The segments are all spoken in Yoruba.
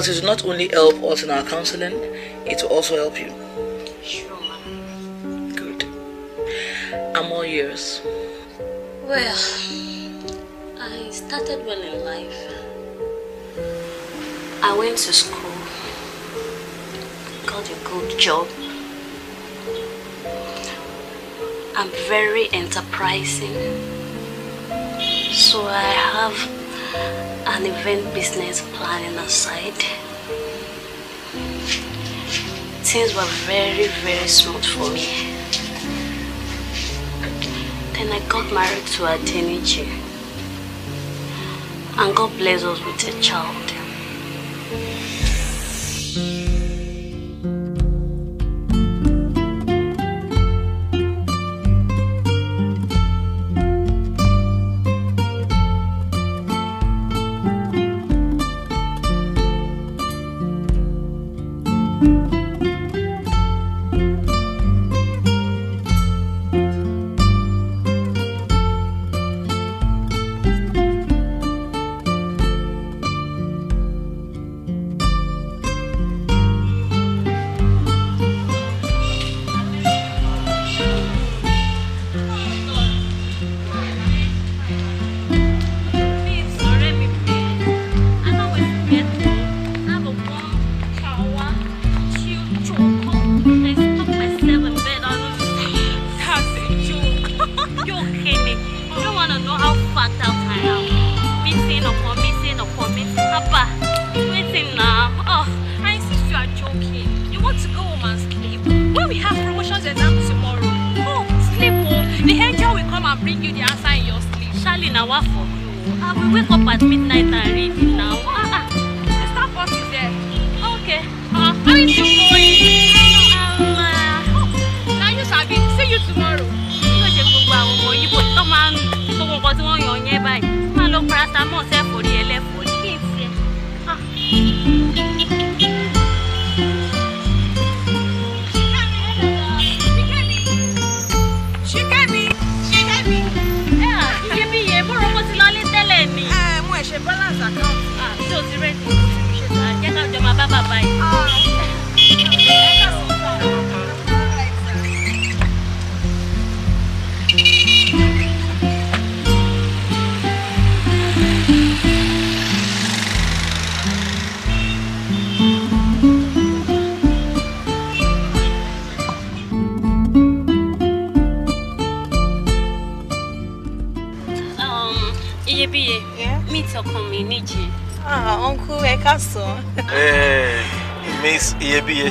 because it will not only help us in our counseling, it will also help you. Sure, Good. I'm all yours. Well, I started well in life. I went to school, got a good job. I'm very enterprising. So I have an event business planning aside. things were very, very smooth for me. Then I got married to Adenichi. And God blessed us with a child.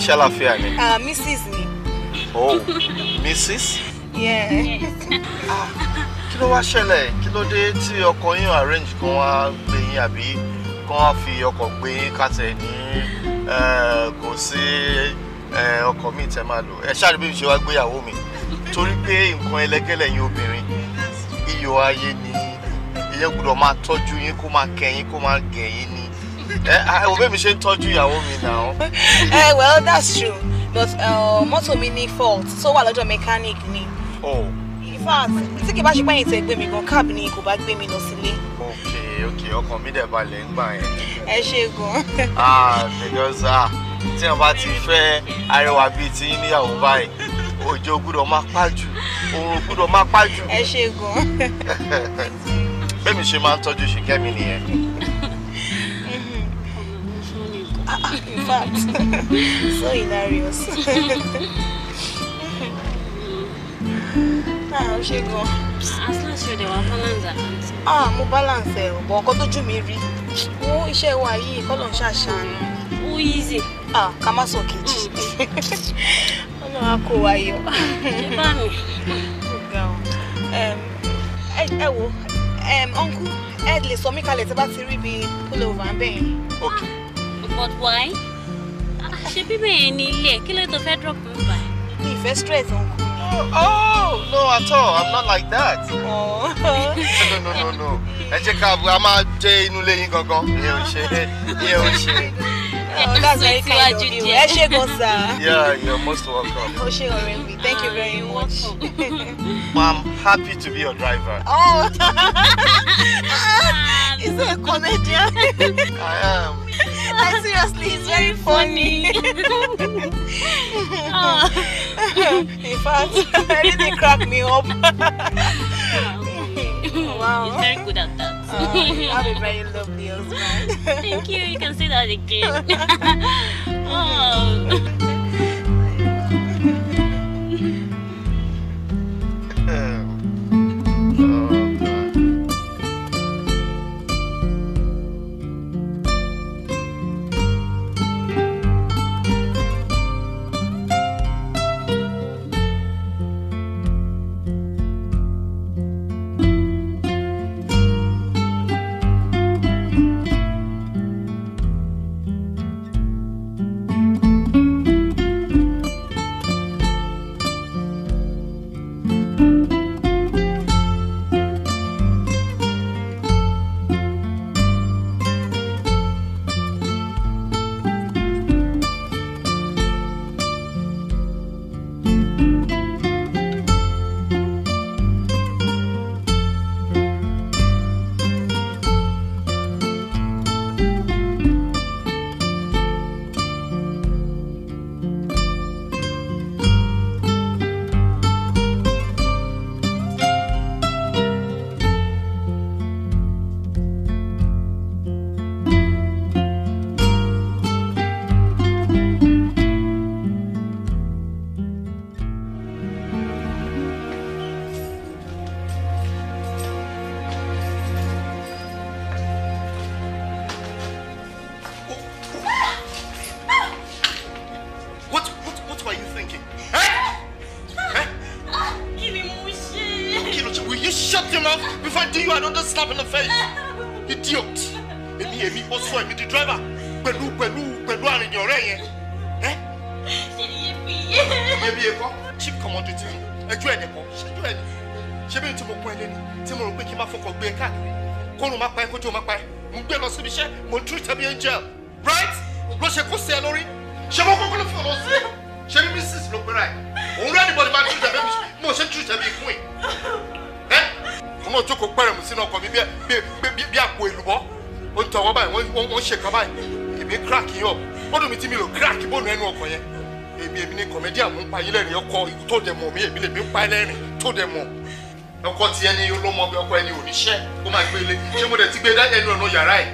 ṣàlàfíà ni. ah mrs ni. oh mrs. yes. ah kí ló wá ṣẹlẹ̀ kí ló dé tí ọkọ yín arrange kan wá gbé yín àbí kan wá fi ọkọ̀ gbé yín kàtẹ́ ní eh, kò sí eh, ọkọ̀ míì tẹ́ máa lò ẹ ṣáà bí mi ṣe wá gbéyàwó mi torí pé nǹkan ẹlẹ́gẹ́lẹ̀ yín obìnrin iyọ̀ ayé ni ìyẹn gbọ́dọ̀ máa tọ́jú yín kó máa kẹ́ kó máa gẹ̀ ẹ wo bẹ́ẹ̀ mi ṣe ń tọ́jú ìyàwó mi náà. ẹ well that's true but um, most of me need fault so tó wà lọ́dọ̀ mechanic ni. Oh. in fact tí kì bá ṣe pẹ́yìn tẹ e gbé mi gan cab ni kò bá gbé mi lọ sílé. Okay, okay, I'll come dẹ̀ balẹ̀ ń gbà yẹn. ẹ ṣe gan. ah because ah tí wọn bá ti fẹ́ arẹwà bíi ti yín níyàwó báyìí òjò Oh, máa pàjù oorun gbúdọ̀ máa pàjù. go. Let me see. mi told you she came in here in fact, so hilarious. ah, ṣe gan. as long as you dey wa balance ah mo balance ẹ ọ̀bọ̀ ọkọ tójú mi rí wo iṣẹ́ wa yìí kọ́lọ̀ ń ṣàṣàánú. ó easy. ah ká má sọ kejì. ọlọ́run á kó wa yọ. ṣé bá mi. ẹ wo uncle ẹ lè sọ mí kalẹ̀ tí bá ti rí ibi pullover ń okay but why? She be me ní ilé ẹ̀ kí ló drop mi bá Me first ìfẹ́ stress ọ̀hún. Oh, oh no at all i'm not like that. Oh. no no no no I check up. a máa jẹ́ inú ilé yín gangan ìyẹn ò ṣe Oh, that's very kind of you. Ẹ ṣé gan Yeah, you're most welcome. Ó oh, thank you very much. Mom, happy to be your driver. Oh, is he a comedian? I am. like seriously, it's very funny. oh. In fact, anything crack me up. wow. He's very good at that. Oh, you have a very lovely husband. Thank you. You can say that again. oh. pa ẹlẹ́rìn tó dẹ̀ mọ̀ ọkọ tiẹ̀ ni ló mọ bí ọkọ ẹni ò níṣẹ́ ó máa gbé ilé ṣé mo dẹ̀ ti gbé ẹnu ọ̀nà yàrá ẹ̀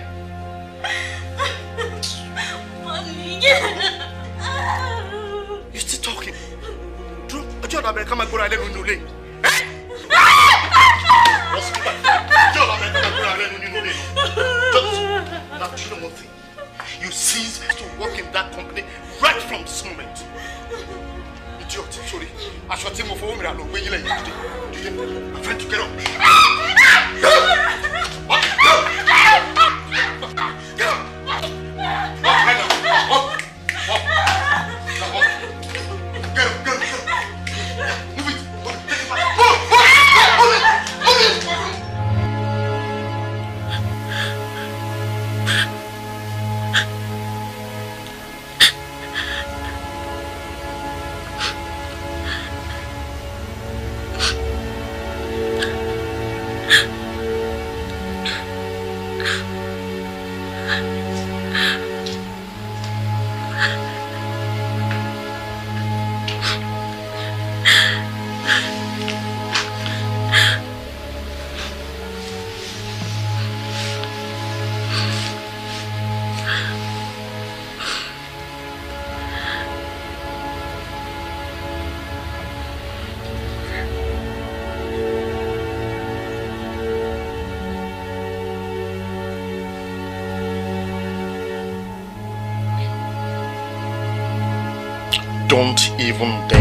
punto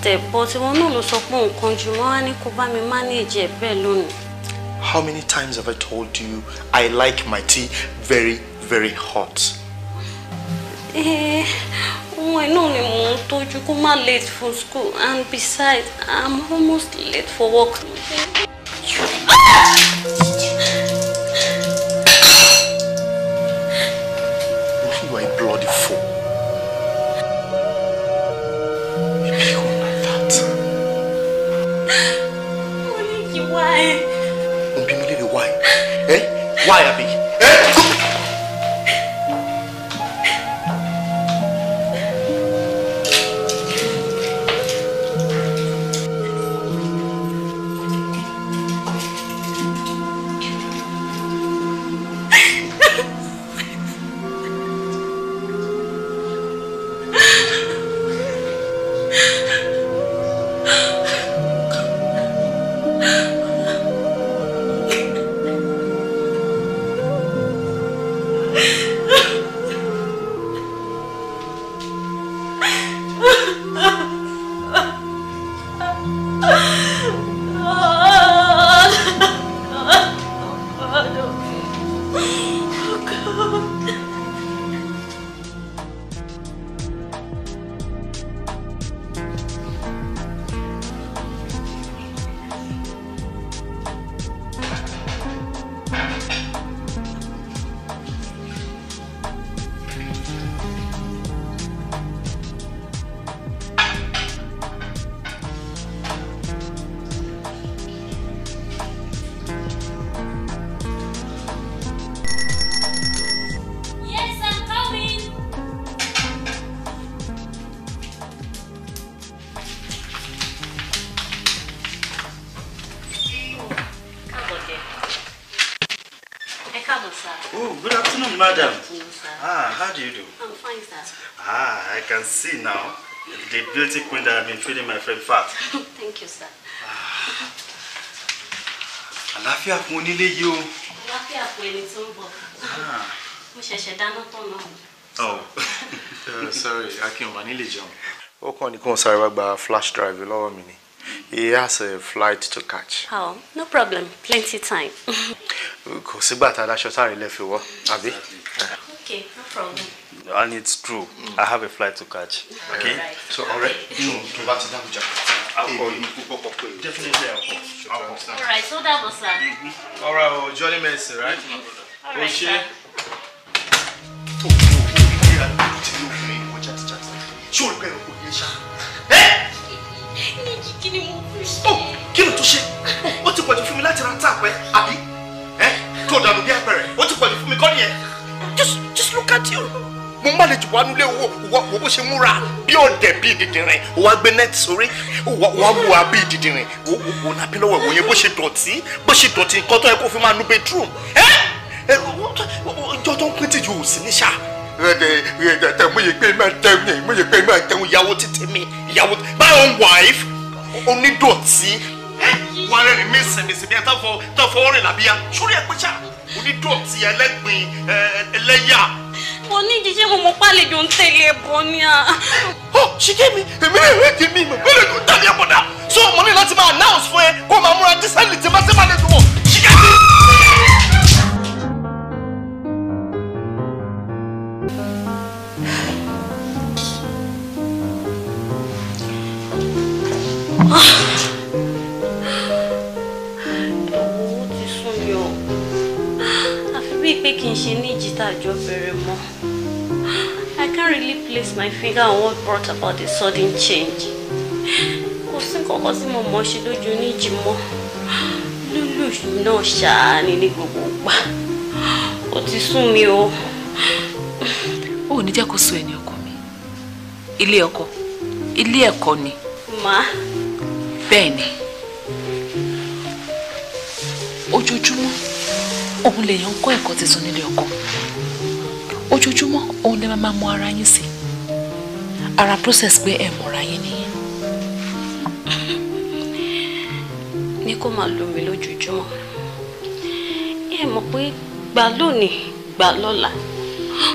step but ìwọ náà ló sọ pé nǹkan jù mọ́ á ní kó bá mi manage ẹ̀ bẹ́ẹ̀ lónìí. How many times have I told you I like my tea very very hot? Ohun eh, ẹ̀ náà ni mò ń tọ́jú kó má late for school and besides I'm almost late for work. àpò onílé yìí o. wá kí àpò ẹni tó ń bọ̀ ah. mo ṣẹ̀ṣẹ̀ dáná tán náà. oh uh, sorry akin wà nílé jẹun. ó kàn ní kí wọ́n sáré wá gba flash drive lọ́wọ́ mi ni he has a flight to catch. oh no problem plenty time. kò sígbà tá a daṣọ sáré lẹ́fẹ̀ẹ́ wọ́ àbí. okay no problem and it's true. Mm. I have a flight to catch. Okay. Right. So already, no, to back to Abuja. Definitely alcohol. All right. So that was that. Mm-hmm. All right. Well, Johnny Mercy, right? Mm-hmm. All right. Sir. ṣé o rẹ pé o kò yẹ ṣá. kí ni mo fi ṣe. wà nílé wo wo bó ṣe múra bí ọ̀dẹ̀ bí dìdìrín o wá gbé net sórí wà wù wá bí dìdìrín o wò ná bí lọ́wọ́ ìwòye bó ṣe dọ̀tí bó ṣe dọ̀tí nǹkan tó yẹ kó fi máa nu bedroom ẹ́ ìjọ tó ń pín tìjú ò sí ní ṣá. mọ̀yẹ̀ pé máa tẹ̀wọ̀n yẹn mọ̀yẹ̀ pé máa tẹ̀wọ̀n ìyàwó títí mi ìyàwó my own wife onídọ̀tí wọ́n rẹ̀ ní mísìmísì bí ẹ tó fọwọ́ làbíyá sórí ẹ pé onídọ̀tí ẹlẹ́gbin eh, ẹlẹ́yà mo ní jíjẹ́ mo mọ pálejò ń tẹ̀lé ẹ̀bọ ni à. ọ ṣíkẹ́ mi èmi rẹ̀ rẹ̀ kìí mi ìmọ̀ ẹ̀bọ̀dà so mo ní láti máa announce fún ẹ kó máa múra dísẹ́lì tí bá sẹ́ máa lè dùn wọ̀. pé kí n ṣe ní ìjìtá àjọ bẹ̀rẹ̀ mọ́. I can't really place my finger on what brought about the sudden change. Kò sí kankan tí mo mọ̀ ṣe lójú oníjì mọ́. Lúlù náà ṣáá ni ní gbogbo gbà. Ó ti sún mi o. O ò ní jẹ́ kó so ẹni ọkọ mi. Ilé ọkọ, ilé ẹ̀kọ́ ni. Màá. Bẹ́ẹ̀ Ojoojúmọ́ òun lèèyàn ń kọ́ ẹ̀kọ́ tuntun nílé ọkọ ojoojúmọ́ òun lè máa mọ ara yín sí ara process pé ẹ mọ̀ra yín nìyẹn. ní kó máa lù mí lójoojúmọ́ ẹ mọ̀ pé gbà lónìí gbà lọ́la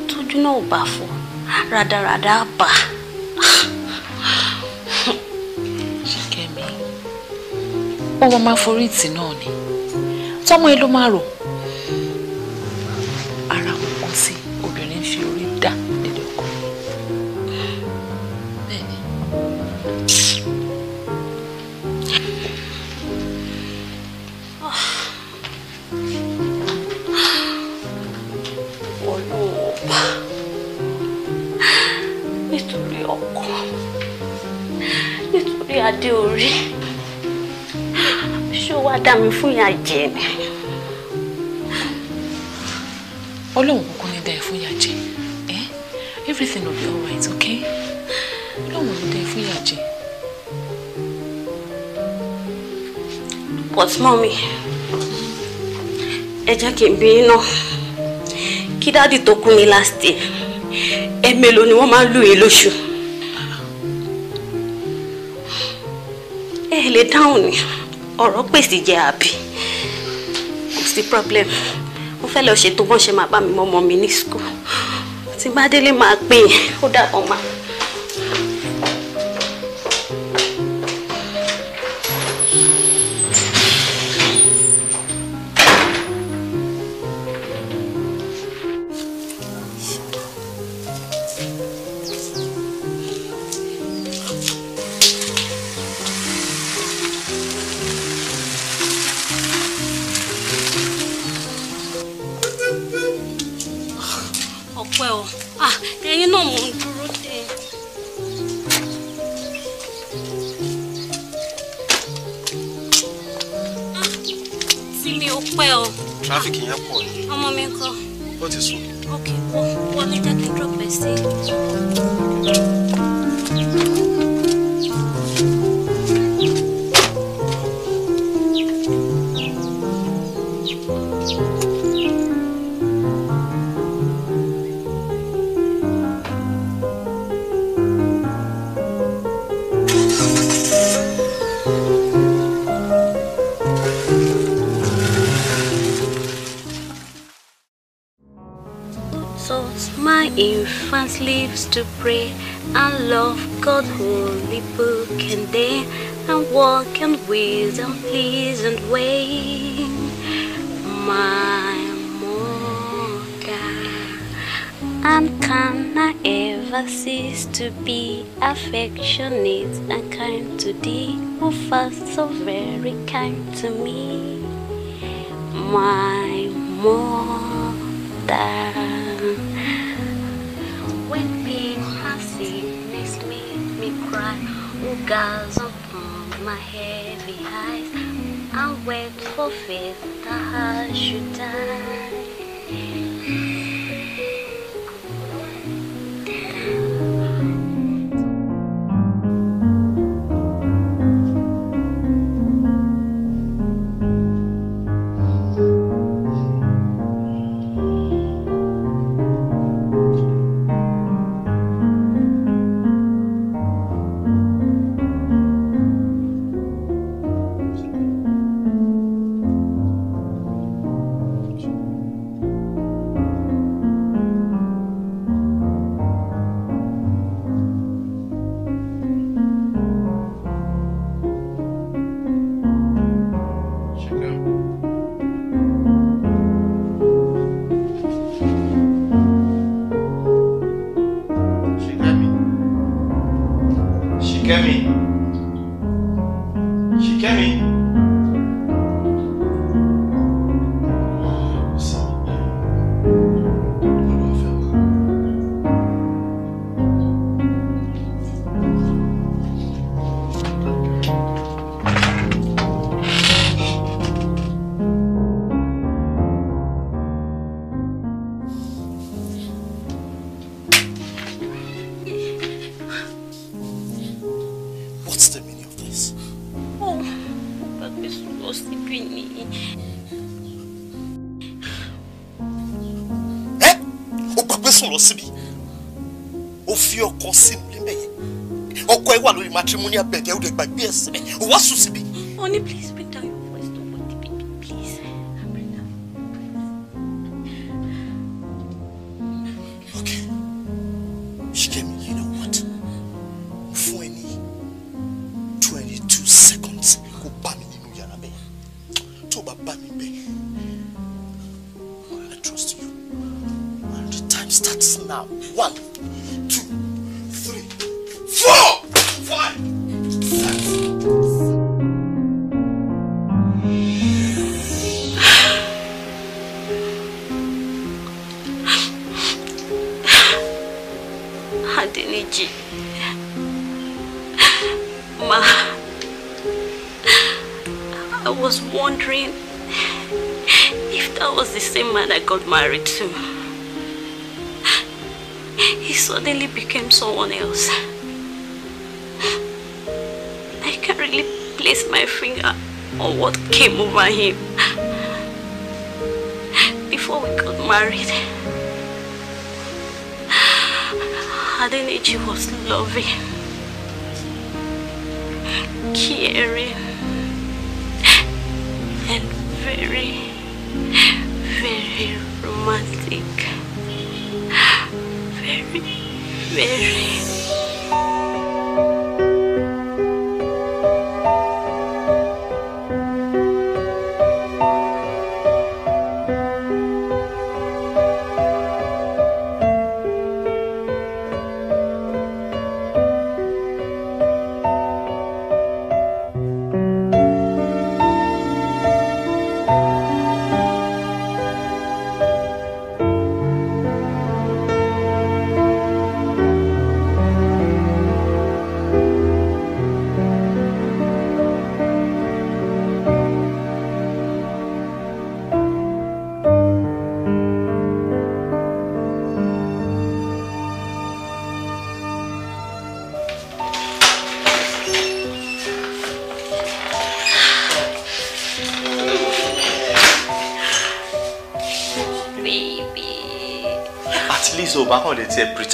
tójú náà ò bá fọ́ rádaràdà bá. ṣìkẹ́mi ó wọ́n máa forí tì náà ni tọ́mọ ẹ ló máa rò dé orí ṣó wá dá mi fún ìyá jẹ ni. ọlọ́run kúkú ní dá ẹ fún ìyá jẹ everything will be alright okay ọlọ́run ní dá ẹ fún ìyá jẹ. but mommy ẹ jẹ́ kí n bí iná kí dáàdì tó kú ní last year ẹ mélòó ni wọ́n máa ń lù yín lóṣù. ẹ lè dáhùn ni ọ̀rọ̀ pèsè jẹ́ àbí kò sí problem mo fẹ́ lọ ṣètò bọ́n ṣe máa bá mi mọ́ ọmọ mi ní school tí bá délé máa pè é ó dàbọ̀ máa. one's to pray and love God's holy book and day and walk in wisdom, pleasant way. My mother, and can I ever cease to be affectionate and kind to thee, who first so very kind to me? My mother. Girls upon my heavy eyes, I wait for faith that I should die.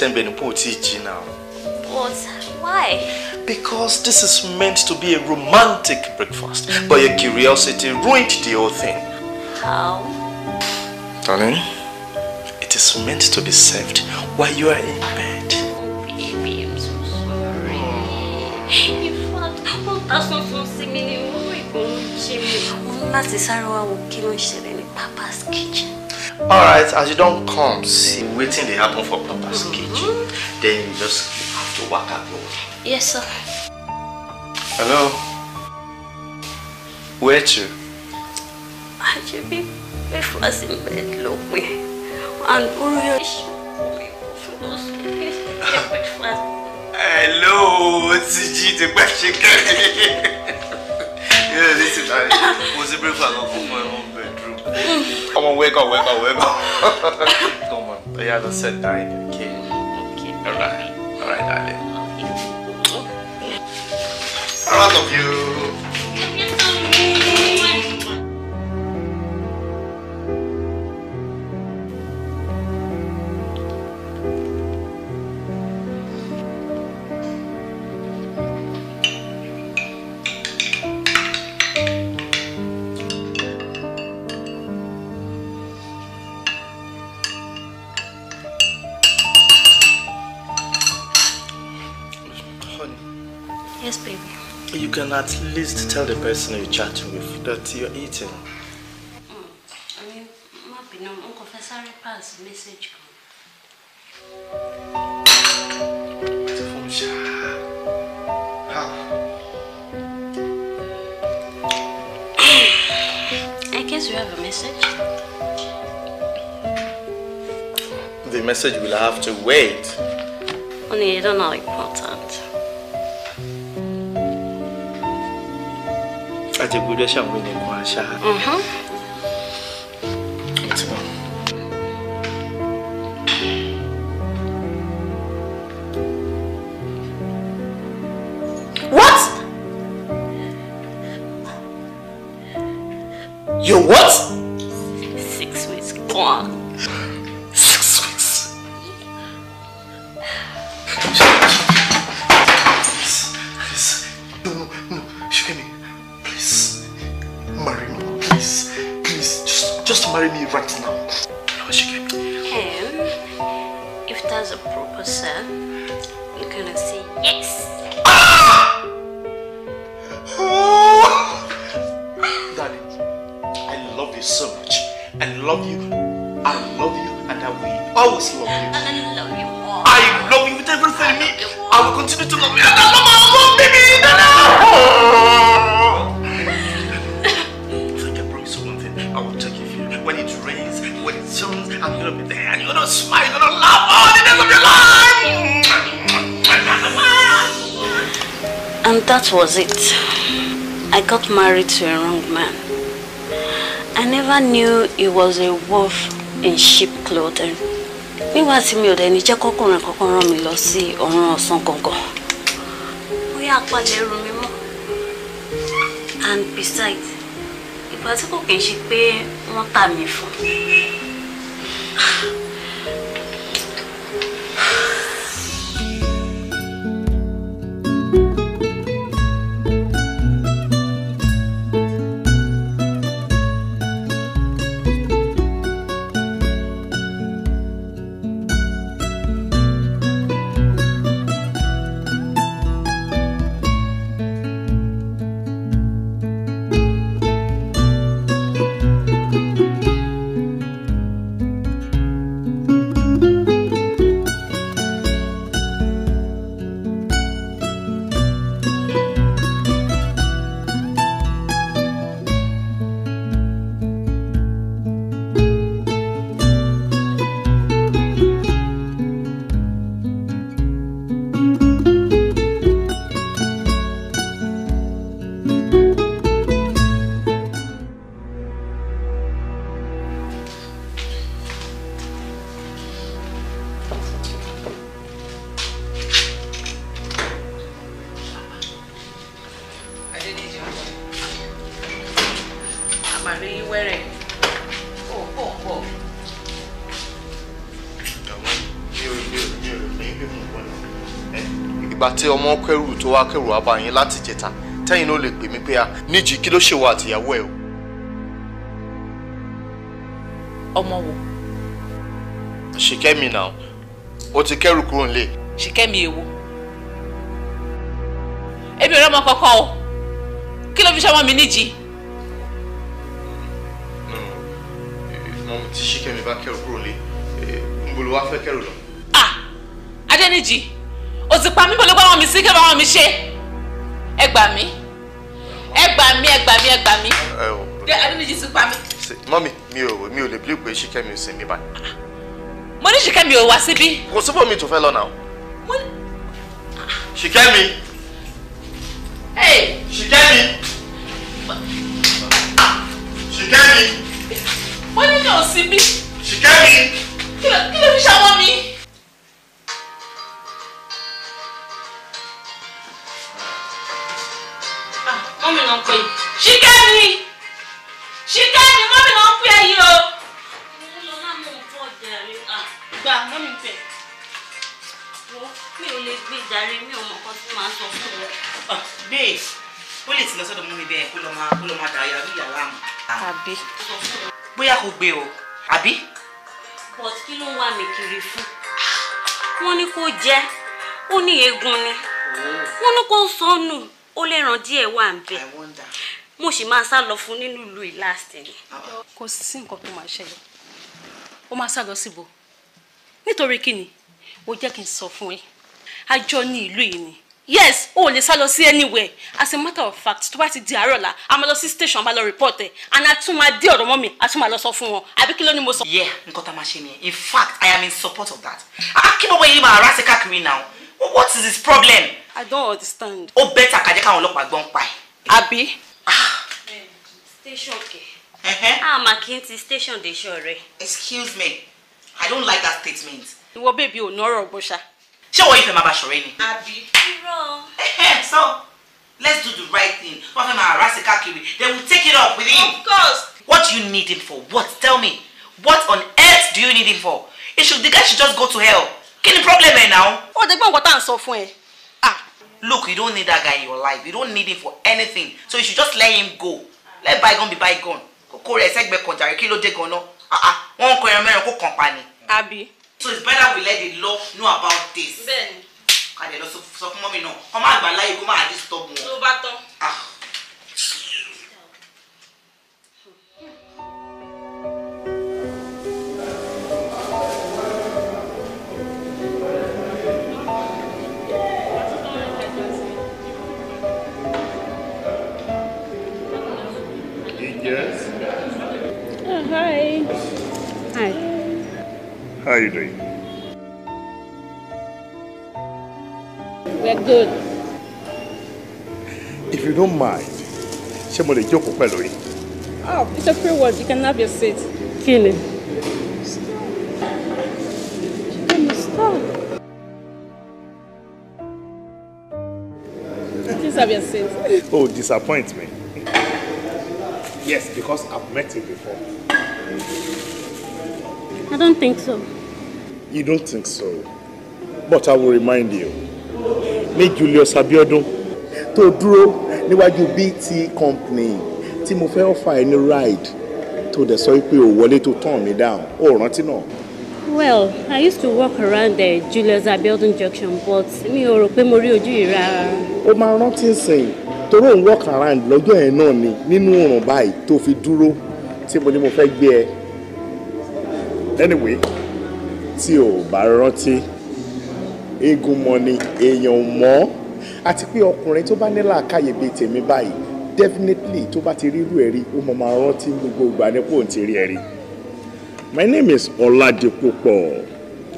Tembe now. But why? Because this is meant to be a romantic breakfast, but your curiosity ruined the whole thing. How? Darling, it is meant to be served while you are in bed. Oh, baby, I'm so sorry. In fact, what not so seemingly who is going to Not the Sarawa will kill All right, as you don't come, see waiting they happen for Papa's mm -hmm. then you just have to walk out. Yes, sir. Hello. Where to? I should be before in bed, look me. And Hello, Tiji, the best Yeah, this is was a breakfast of my home. Come on, wake up, wake up, wake up. Come on. But oh, yeah, let's sit down okay? Okay. Alright. Alright, darling. I love you. can at least tell the person you're chatting with that you're eating. Mm, I mean, maybe know, Professor pass message. I guess you have a message. The message will have to wait. Only you don't know. 这姑娘像过年花下。you're gonna smile, you're gonna laugh all oh, the days of your life. And that was it. I got married to a wrong man. I never knew he was a wolf in sheep clothing. Nígbà tí mi ò dẹ̀ ní jẹ́ kọ́kùnrin kankan rán mi lọ sí ọ̀run ọ̀sán gangan. Bóyá apalẹ̀ ẹrù mi mọ́. And besides, if I kò kì í ṣe pé wọ́n tà mí akẹ́rù abayín láti jẹta tẹ́yìn ló lè pè mí pé a níjì kí ló ṣèwọ àtìyàwó ẹ o. ọmọ wo. ṣìkẹ́mi náà o ti kẹ́rù kúrò nílé. ṣìkẹ́mi èwo. èmi ò rọ́mọ kankan o kí ló fi ṣọmọ mi níjì. mo ti ṣìkẹ́mi bá kẹ́rù kúrò nílé n bolo wá fẹ́ kẹ́rù lọ. ah Adéníjì báwọn mi sí kí báwọn mi ṣe ẹ gbà mí ẹ gbà mí ẹ gbà mí ẹ gbà mí dé adúlójì sí pa mí. mọ́mí mi ò mi ò lè bí ìpè ṣìkẹ́mi sí mi báyìí. mo ní ṣìkẹ́mi ò wá síbí. kò síbò mi tó fẹ́ lọ náà. ṣìkẹ́mi. ṣìkẹ́mi. ṣìkẹ́mi. mo ní ní òsínbí. ṣìkẹ́mi. kí ló fi ṣàwọn mi. babe ó lè ti lọ sọ́dọ̀ mú mi bẹ́ẹ̀ kó lọ máa kó lọ máa dà yàrá ìyá láàmú. àbí. bóyá kò gbé o àbí. but kí ló ń wá mi kiri fún wọ́n ní kó jẹ ó ní eegun ni wọ́n ní kó sọnù ó lè ràn díẹ̀ wà ń bẹ mo sì máa sá lọ fún nínú ìlú yìí last ni. kò sí nǹkan tó máa ṣẹlẹ̀ ó máa sá lọ síbo nítorí kí ni ó jẹ́ kí n sọ fún ẹ àjọ ní ìlú yìí ni yes o ò lè sá lọ sí anywhere as a matter of fact tó bá ti di àárọ̀ la a máa lọ sí station a máa lọ report ẹ̀ and a tún máa dé ọ̀rọ̀ mọ́ mi a tún máa lọ sọ fún wọn àbí kí ló ní mo sọ. yeah nǹkan tá a máa ṣe nìyẹn in fact i am in support of that akínbọ̀bọ̀ yìí máa rà sí káàkiri now what is his problem. i don't understand. ó bẹ́ẹ̀ tàkàjẹ́ káwọn ọlọ́pàá gbọ́n pa ẹ̀. àbí. Ah. station kẹ. àmà ah, kí n ti station dé ṣọ rẹ. excuse me i don't like that statement. ìwọ bèbí ò nọ́rọ̀ ọ̀gbọ́ṣà ṣé wọ́n yìí fẹ́ máa bá ṣọ̀rẹ́ ni. àbí irọ́. so let's do the right thing wọ́n fẹ́ máa rásì káàkiri Then we take it up with him. of course. what do you need him for what tell me what on earth do you need him for it should the guy should just go to hell kí ni problem ẹ náà. ó dé gbọ́n water and à ń sọ fún ẹ. Ah, look you don't need that guy in your life you don't need him for anything so you should just let him go let bygone be bygone kókó rẹ̀ ẹ̀sẹ̀gbẹ̀ kan jàre kí ló dé gan-an ah, ah, wọ́n ń kọ ẹran mẹ́rin kó kàn pa ni. àbí so it's better we let the law know about this. Ben, ká lè lọ sọ fún mọ́mí náà kọ́ máa gbà láyé kó máa disturb wọn. ló bá tán. ah How are you doing? We're good. If you don't mind, ṣé mo lè jókòó Oh, it's a free word. You can have your seat. Kill him. Stop. Stop. Please have your seat. Oh, disappoint me. Yes, because I've met him before. I don't think so. You don't think so. But I will remind you. Ní Julius Abiodun tó dúró níwájú BT company tí mo fẹ́ offer ẹni ride tó dẹ̀ sọ pé ò wọlé tó turn me down. Ó rántí náà. Well, I used to walk around the Julius Abiodun junction but mi ò rò pé mo rí ojú yìí rárá. Ó máa rántí sìn torí òun walk around lọ́jọ́ yẹn náà ni nínú òrùn báyìí tó fi dúró tí mo ní mo fẹ́ gbé ẹ. Anyway tí ò bá rántí eégún mọ ni èèyàn ò mọ́ àti pé ọkùnrin tó bá ní làákàyè bíi tèmi báyìí definitely tó bá ti rírú ẹ̀ rí ó mọ̀ máa rántí gbogbo ìgbà nípò tí rí ẹ̀ rí. My name is Oladipopo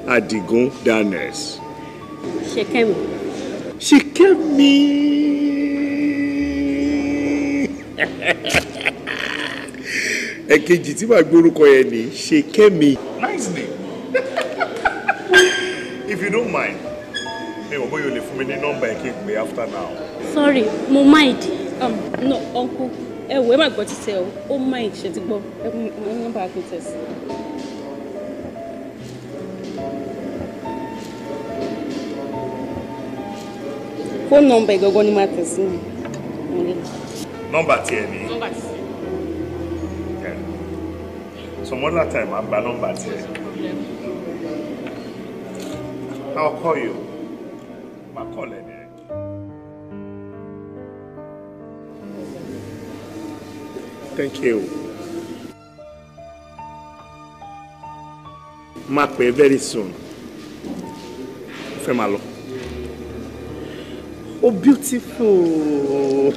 Adigun Daniels. Ṣèkẹ́mi. Ṣèkẹ́mi. ẹ̀kejì tí màá gbórúkọ yẹn ni Ṣèkẹ́mi. Nice name. if you don't mind mi ò bóyá you lè fún mi ní nọ́mbà ẹ̀ kí after now. sorry mo mind um, no uncle ẹ eh, wò ẹ má gbọ́ títẹ o ó mind ṣe ti gbọ́ ẹ mú nọ́mbà akitẹ́s. fóònù nọ́mbà ìgangan ni máa tẹ̀ sí mi. nọ́mbà tiẹ̀ ni. nọ́mbà tiẹ̀ sọmọlá tàìmù àgbà nọ́mbà tiẹ̀. I'll call you. Má calling. Thank you. Má pè very soon. Mo fẹ́ Oh beautiful.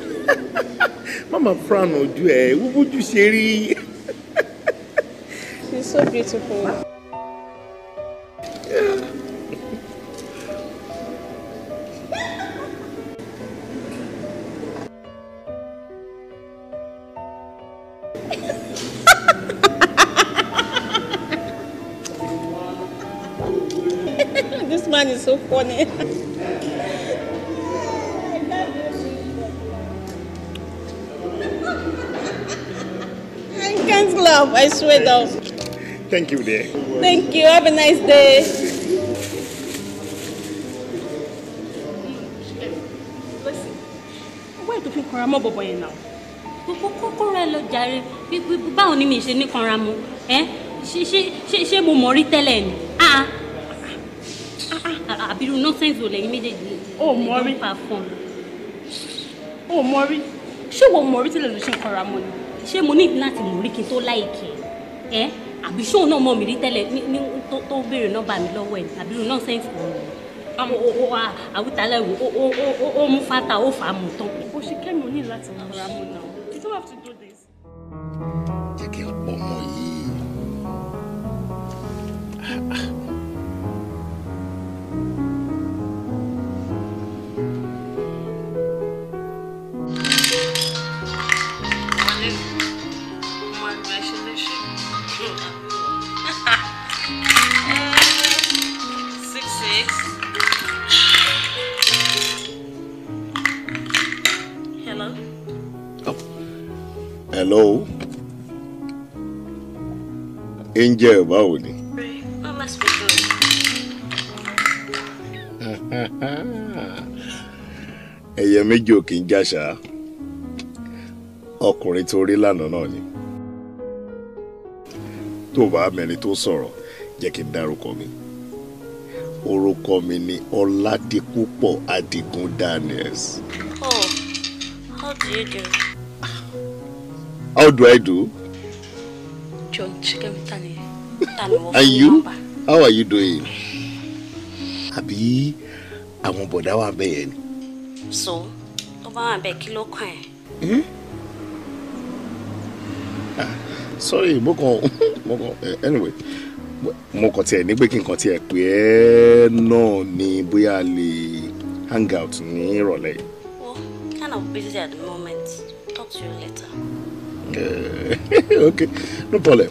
Mama Fran, oh, do ẹ̀, wo bójú ṣe rí. You're so beautiful. Yeah. man so funny. I can't laugh, I swear down. Thank you, dear. Thank you, have a nice day. kanra mọ bọbọ yẹn náà. kókó kóra ẹ lọ jàre báwo ni mi ṣe ní kanra mu ẹ ṣe ṣe ṣe mo mọ̀ rí tẹ́lẹ̀ ni àbírú nọ́sẹ̀nsì ò lẹ́yìn méjèèjì ó mọ rí ó mọ rí ṣé wo mọ rí tí lẹ́nu ṣe ń kọra mọ́ ni ṣé mo ní láti mọ̀ rí kí n tó láìkẹ́ ẹ àbí ṣóun náà mọ̀ mí rí tẹ́lẹ̀ ní tó béèrè nọ́mbà mi lọ́wọ́ ẹ̀ àbírú nọ́sẹ̀nsì ò lọ àwọn àwùtalẹ̀ ó mú fata ó fà á mú tán. o ṣe kẹ́mi ò ní láti kọra mọ́ náà you don't have to do this. jẹ́ kí n pọ̀ mọ́ yìí. Hello. Angel báwo ni. Mama speak up. Ẹyẹ méjì ò kì í jàṣà. Ọkùnrin tó rí lánàá náà ni. Tó bá mẹ́rin tó sọ̀rọ̀ jẹ́ kí n dárúkọ mi. Orúkọ mi ni Ọládipúpọ̀ Adigun Daniels. Oh, how do you do? How do I do? John Chikemtani. And you? How are you doing? Àbí àwọn bọ̀dá wà bẹ́ẹ̀ yẹn ni. So, tó bá wà bẹ́ẹ̀ kí ló kàn ẹ́? Hmm? Ah, sorry, mo kàn mo kàn eh, anyway mo kàn tiẹ̀ ní pé kí n kàn tiẹ̀ pé ẹ́ náà ni bóyá a lè hang Well, kind of busy at the moment. Talk to you later. ok no problem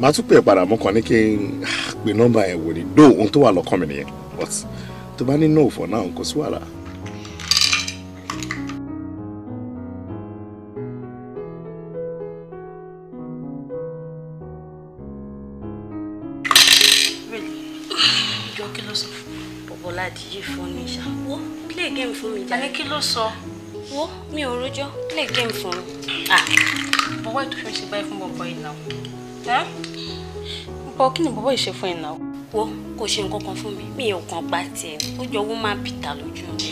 màá tún pè padà mo kàn ní kí n pe nọ́mbà yẹn wò ni dó ohun tó wà lọ́kàn mi nìyẹn but tó bá ní no for now kò sí wàhálà. sọ. wo mi ò rojọ́ play game fún mi. Ah bọ̀bọ̀ ètò fi ṣe báyìí fún bọ̀bọ̀ ìnà bọ̀ kí ni bọ̀bọ̀ ìṣe fún ìnà. wo kò ṣe nǹkan kan fún mi mi ò kàn gba tiẹ̀ ó jọ owó máa ń pìtà lójú mi.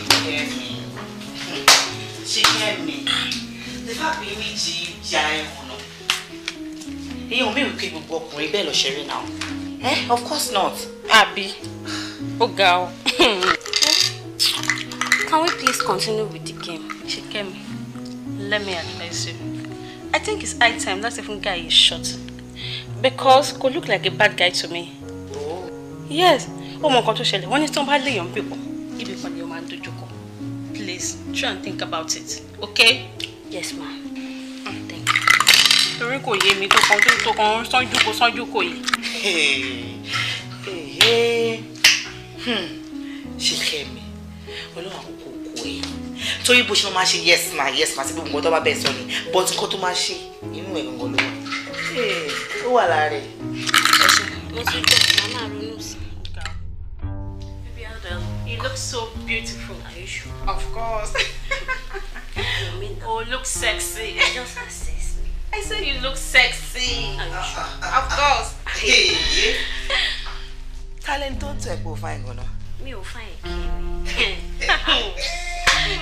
ṣé kí ẹ mi ṣe fàbí méjì ya ẹ̀wọ̀n náà èèyàn mi ò kí gbogbo ọkùnrin bẹ́ẹ̀ lọ ṣeré náà ẹ of course not. àbí ó ga ọ. Can we please continue with the game? Shikemi, let me advise you. I think it's high time that even guy is shot. Because he could look like a bad guy to me. Oh. Yes. Oh my God, tó When Wọ́n ní tí wọ́n bá léèyàn ń pèpọ̀, ibì kan ni ó Please try and think about it, okay? Yes, ma'am. Mm, thank you. Torí kò yé mi tó kan tó kan sánjú kò sánjú kò yìí. Ṣé kẹ́mi, ọlọ́run kò kó èyí torí bó ṣe máa ṣe yes ma yes ma sí gbogbo nǹkan tó bá bẹ̀ sọ ni but nǹkan tó máa ṣe inú ẹ̀ gangan ló wà ó wà lára rẹ̀. mo ti bọ̀ màmá ronú sí. You look so beautiful. Are you sure? Of course. oh, look sexy. Just assess me. I said you look sexy. Are you sure? Of course. Talent don't take profile, no. Me will find a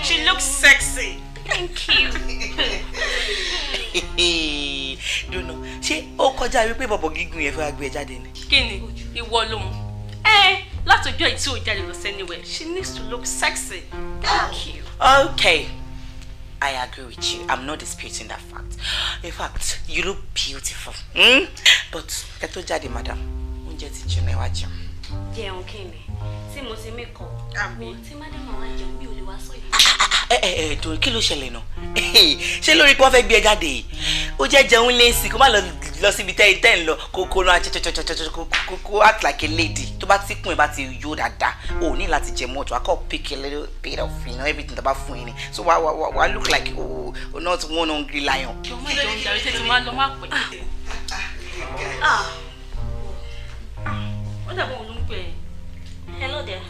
She looks sexy. Thank you. Dùnú, ṣé ó kọjá wípé bọ̀bọ̀ gígùn yẹn fẹ́ wá gbé ẹ jáde ni? Kí ni ìwọ lòun? Ẹ eh, látọjọ́ yìí tí ò jáde lọ sẹ́niwẹ̀, she needs to look sexy. Thank ah. you. Okay, I agree with you. I'm not disputing that fact. In fact, you look beautiful. Mm? But ẹ tó jáde, madam, oúnjẹ ti jẹun ẹ wá jẹun. Jẹun kí ni? Tí mo ti mí kọ, mo ti má dé mọ̀ wá jẹun bí o ẹ ẹ ẹ dùn kí ló ṣẹlẹ̀ náà ṣé lórí pé wọ́n fẹ́ gbé ẹ jáde yìí ó jẹ́ jẹun lẹ́sìn kó má lọ lọ síbi tẹ́ tẹ́ ń lọ kó kó àti kó kó act like a lady tó bá ti kún ẹ bá ti yó dáadáa ò ní láti jẹ mọ́tò akọ́ pick a little bit of you know everything tó bá fún yín ni so wà wà wà look like o o not one hungry lion. jọ̀wọ́n ah. ah. ah. jọ ń hello there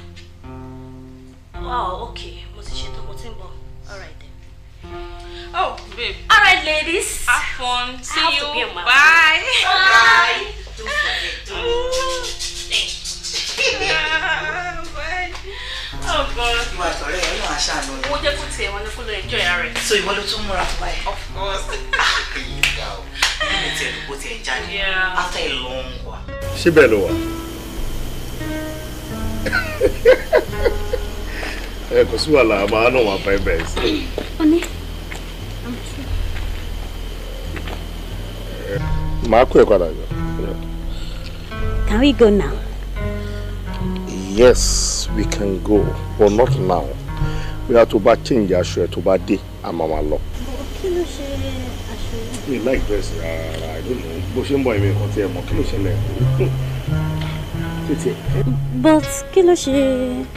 wow okay mo ti ṣetán mo ti all right then. oh babe. all right ladies. have fun see have you to be bye. bye. bye. don't forget don't oh god. You are ẹ̀ náà ṣàánú rẹ̀. mo jẹ́ kó tiẹ̀ wọn ní kó enjoy ara so you want to múra fún báyìí. of course. èyí ń ga o nínú tiẹ̀ ló kó tiẹ̀ jáde after a long one. síbẹ̀ ẹ eh, kò sí wàhálà àmọ́ náà wà fẹ́ bẹ́ẹ̀ sí. màá kó ẹ padà Can we go now? Yes, we can go, but not now. bóyá tó bá change aṣọ ẹ tó bá dé àmọ́ máa lọ. kí ló ṣe aṣọ yìí. mi like dress rárá i don't know bó ṣe ń bọ̀ ẹ̀mí kan tí ẹ mọ̀ kí ló ṣẹlẹ̀ ló but kí ló ṣe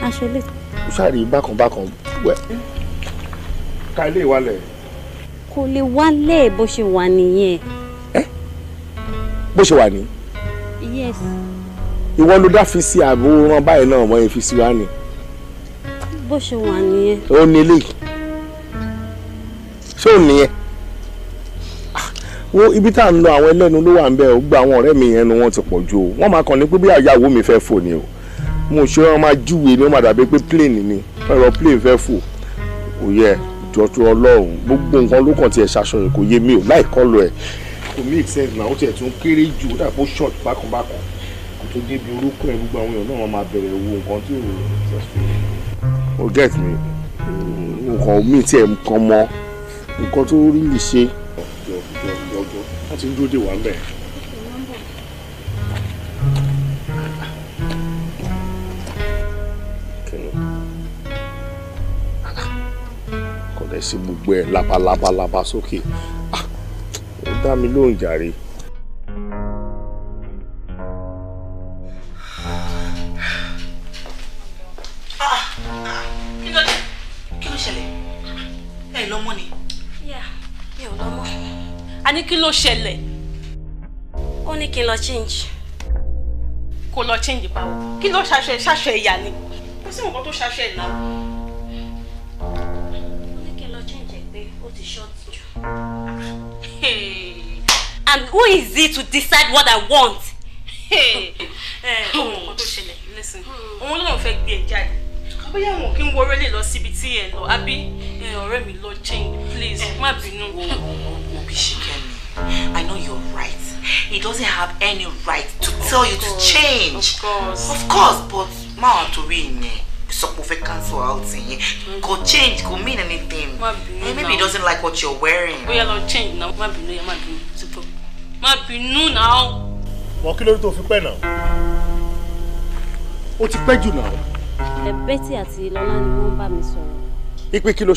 aṣọ ilé. ó ṣàrí bákan bákan wẹ ká ilé ìwálẹ̀. kò lè wálẹ̀ bó ṣe wà nìyẹn. ẹ bó ṣe wà ní. yes. ìwọ ló dá fi sí ààbò wọn báyìí náà wọ́n yẹn fi sí wa ni. bó ṣe wà nìyẹn. ó ní eléyìí ṣé ò nìyẹn wo ibi tá à ń lọ àwọn ẹlẹ́nu ló wà ń bẹ̀ ó gba àwọn ọ̀rẹ́ mi yẹn nu wọn ti pọ̀ ju o wọ́n máa kàn ní pé bí àyàwó mi fẹ́ fò ni o mo ṣe wọn máa júwe ni ó máa dàbí pé plane ni ẹ̀rọ plane fẹ́ fò kò yẹ ìjọ́tú ọlọ́run gbogbo nǹkan ló kàn tiẹ̀ ṣaṣọ yẹn kò yé mi ò láì kọ́ lọ ẹ̀ kò make sense náà ó tiẹ̀ tún kéré jù ó dàbí ó short bákanbákan kò tó débi orúkọ ẹ̀ gbogbo àwọn èèyàn náà máa bẹ̀rẹ̀ wo nǹkan tí ò o get me nǹkan mi tiẹ̀ kàn mọ nǹkan tó rí lè ṣe wọ́n ti ah, gbogbo ẹ̀ labalábalábá sókè ah, ó dá mi lóhùn jàre. Ah, kí ló ṣẹlẹ̀ ẹ̀ lọ́mọ ni. ẹ̀ ò lọ́mọ a ní kí ló ṣẹlẹ̀. ó ní kí n lọ change. kò lọ change báwo kí ló ṣaṣọ ṣaṣọ ìyá ni kò sí nǹkan tó ṣaṣọ ìlà. ó ní kí n lọ change ẹ pé ó ti short jù. and who is it to decide what I want. ọmọ eh, hmm. nǹkan tó ṣẹlẹ̀ listen hmm. òun ló lọ́n fẹ́ gbé ẹ jáde bóyá wọn kí n wọrẹ́ lè lọ síbi tí ẹ lọ àbí eh, ọ̀rẹ́ mi lọ change please eh. má bínú. Shikemi, I know you're right. He doesn't have any right to tell you to change. Of course. Of course, but ma want to win sọ pé o fẹ́ cancel out yẹn go change kò mean anything. Má bínú Maybe he doesn't like what you're wearing. Bóyá lọ change náà, má bínú yẹn, má bínú sípò. Má now. náà. Wọ́n kí lórí tó fi pẹ́ náà. Ó you now? jù náà. Ẹ̀ Betty àti Lọ́lá ni wọ́n bá mi sọ̀rọ̀. Ìpè kí ló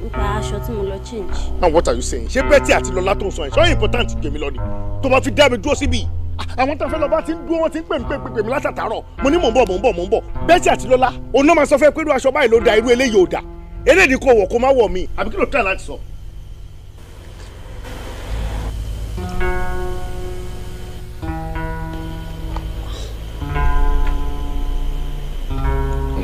now what are you saying She Betty ati lola tó so. sọ important to me lodi. tó bá fi dá mi dúró síbi àwọn tá a fẹ́ lọ bá ti ń dúró wọn ti ń pè mí pè pè mí látàtàárọ̀ mo ní mò ń bọ̀ mò ń bọ̀ mò ń bọ̀ Betty àti Lọlá òun náà máa so. fẹ́ pé irú aṣọ báyìí ló da irú eléyìí ò da eléyìí kò wọ̀ kó má wọ̀ mí àbí kí ló tẹ̀ láti sọ.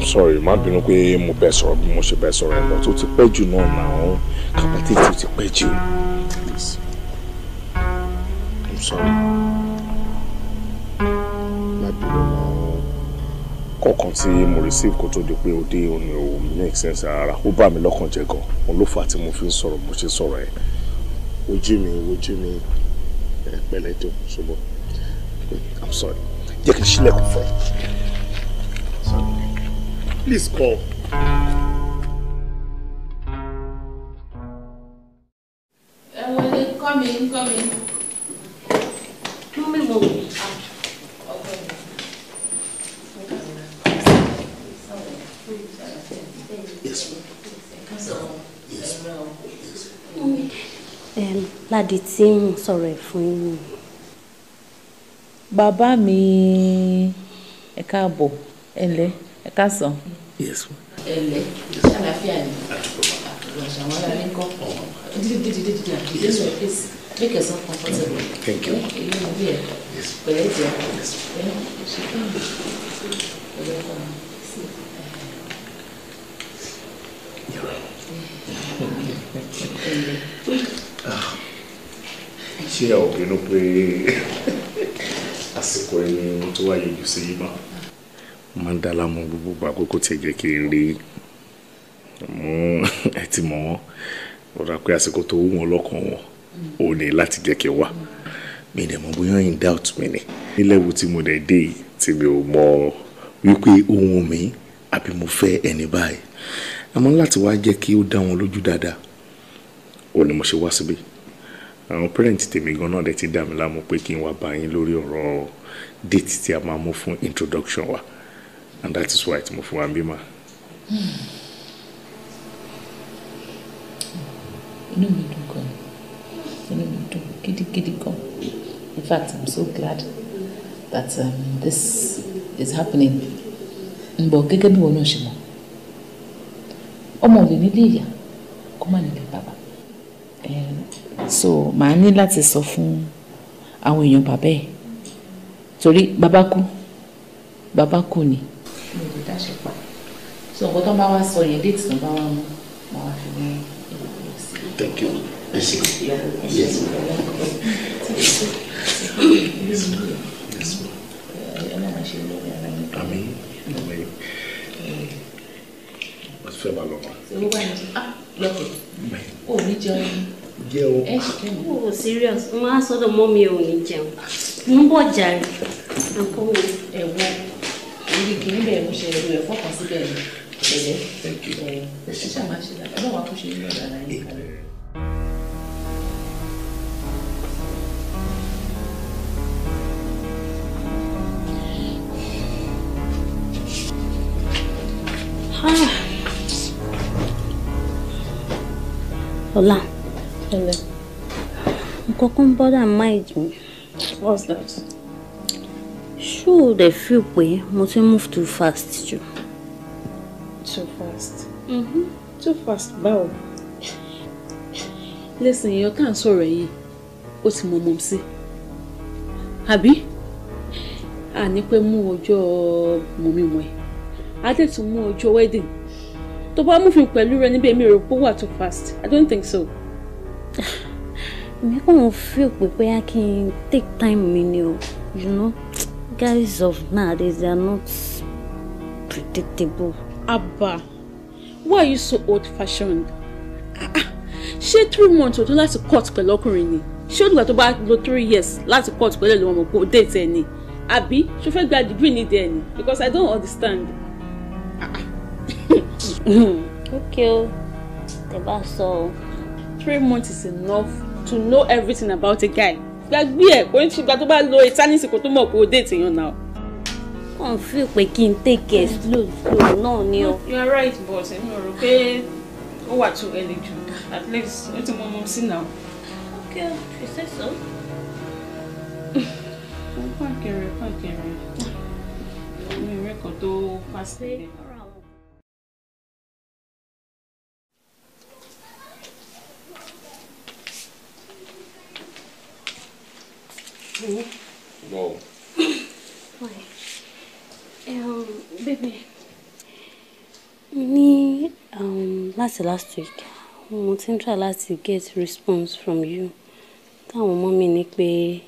sorry má bínú pé mo bẹ sọ̀rọ̀ bí mo ṣe bẹ sọ̀rọ̀ lọ tó ti pẹ́ jù náà làwọn kàpátì tó ti pẹ́ jù. I'm sorry. má bínú náà kọ̀ọ̀kan tí mo receive kó tó di pé òde òní ò make sense rárá ó bà mí lọ́kàn jẹ́ gan òun ló fà á tí mo fi ń sọ̀rọ̀ mo ṣe sọ̀rọ̀ ẹ̀ ojú mi ojú mi pẹ̀lẹ́ tó ṣùgbọ́n I'm sorry jẹ́ kí n ṣílẹ̀kùn fún ẹ. Please call. Ẹ wọlé, come in, Yes, yes, yes. Um, Ládi tí ń sọ̀rọ̀ ẹ̀ fún yín. Bàbá mi ẹ̀ka àbọ̀ ẹ̀lẹ́ ẹ ká sàn. ẹlẹ ṣàlàfíà ni àwọn ará ní kọ dídídídídídí àti ìdílé ọfíìsì bí kẹsàn án kọfọtẹbù èyí mú bí ẹ pẹ̀lẹ́ jẹ eh, ṣé ẹ ò bínú pé àsìkò ẹni tó wáyé jù sí yìí máa máa ń dá lámú gbogbo ìgbà àkókò tí ẹ jẹ́ kí n rí mú ẹ ti mọ̀ wọ́n ó rà pé àsìkò tó wù wọ́n lọ́kàn wọn ò ní láti jẹ́ kí n wá mi dẹ̀ mọ̀ bóyá in doubt mi ni nílẹ̀ wo tí mo dẹ̀ dé yìí tí mi ò mọ̀ wípé ohun mi àbí mo fẹ́ ẹni báyìí àmọ́ láti wá jẹ́ kí ó dá wọn lójú dáadáa ò ní mo ṣe wá síbí àwọn pẹ́rẹ́ǹtì tèmi gan náà dẹ̀ ti dà mí láàmú pé kí n wá bá yín lórí ọ̀rọ̀ déètì tí a máa mú fún introduction wa. Mm and that is why tí mo fi wá ń bímọ. inú mi dùn gan inú mi dùn gidigidi gan in fact i'm so glad that um, this is happening ǹbọ̀ gẹ́gẹ́ bí wọn náà ṣe mọ̀ ọmọ ò lè nílé ìyá kó so ma ní láti sọ fún àwọn èèyàn bàbá ẹ̀ torí bàbá kú bàbá kú ni mi ò lè dáṣẹ pa so nǹkan tó bá wá sọ yẹn déètì tó bá wá mú mà wá fi mú ìwúlò sí i. thank you ẹ ṣe yes ami ami o ti fẹ́ ma lọ ma. owó bá yẹn ah lọ́kọ̀ o ò ní jẹun jẹun. ẹ ṣe kẹ́mi. o serious n máa sọ́dọ̀ mọ́ mi ò ní jẹun n bọ̀ jàre. ẹ̀wọ̀n orí kìíní bẹ̀rẹ̀ mo ṣe ẹ̀rù ẹ̀ fọ́kàn síbẹ̀ ni pẹ̀lẹ́ ẹ̀ ṣe ṣàmà ṣe dáadáa ọlọ́wà kò ṣe ní ọ̀dà láyé kalẹ̀. Ah. Ọlá. Hello. Nǹkan kan What's that? ṣó dẹ̀ feel pé mo ti move too fast too? too fast. Mm-hmm. too fast báwo. listen èèyàn can't sorry. What's my yìí say? ti mọ mọ́m sí àbí àní pé mú ọjọ́ mọ̀mímọ̀ ẹ̀ á dẹ̀ tún mú ọjọ́ wedding tó bá múfin pẹ̀lú rẹ níbi èmi rò pé too fast i don't think so. mi kò ń fi òpè pé a kì take time mi ni o you know guys of nowadays they are not predictable. Abba, why are you so old-fashioned? Ah, ah, ṣé three months ò tó láti cut pẹ̀lú ọkùnrin ni? Ṣé ó dìgbà tó bá lo three years láti cut pẹ̀lú ẹ̀lú ọmọ kò date ẹ̀ ni? Àbí ṣo fẹ́ gba degree ní ìdí ni? Because I don't understand. Ah, okay o, tẹ bá sọ o. Three months is enough to know everything about a guy gbàgbé ẹ̀ kò ní ti gba tó bá lo eternity kó tó mọ̀ kó o déètì yan náà. kàn fi pé kí n take it slow slow náà ni o. you are right boss èmi ò rò pé ó wà too early jù at least ó ti mọ ọmọ sí náà. okay she say so. pàǹkì rẹ̀ pàǹkì rẹ̀ mi ò rẹ́kọ̀ọ́ tó pàṣẹ. Wow. wow. Um, baby, me um, last last week mo ti ń try láti get response from you táwọn ọmọ mi ní pé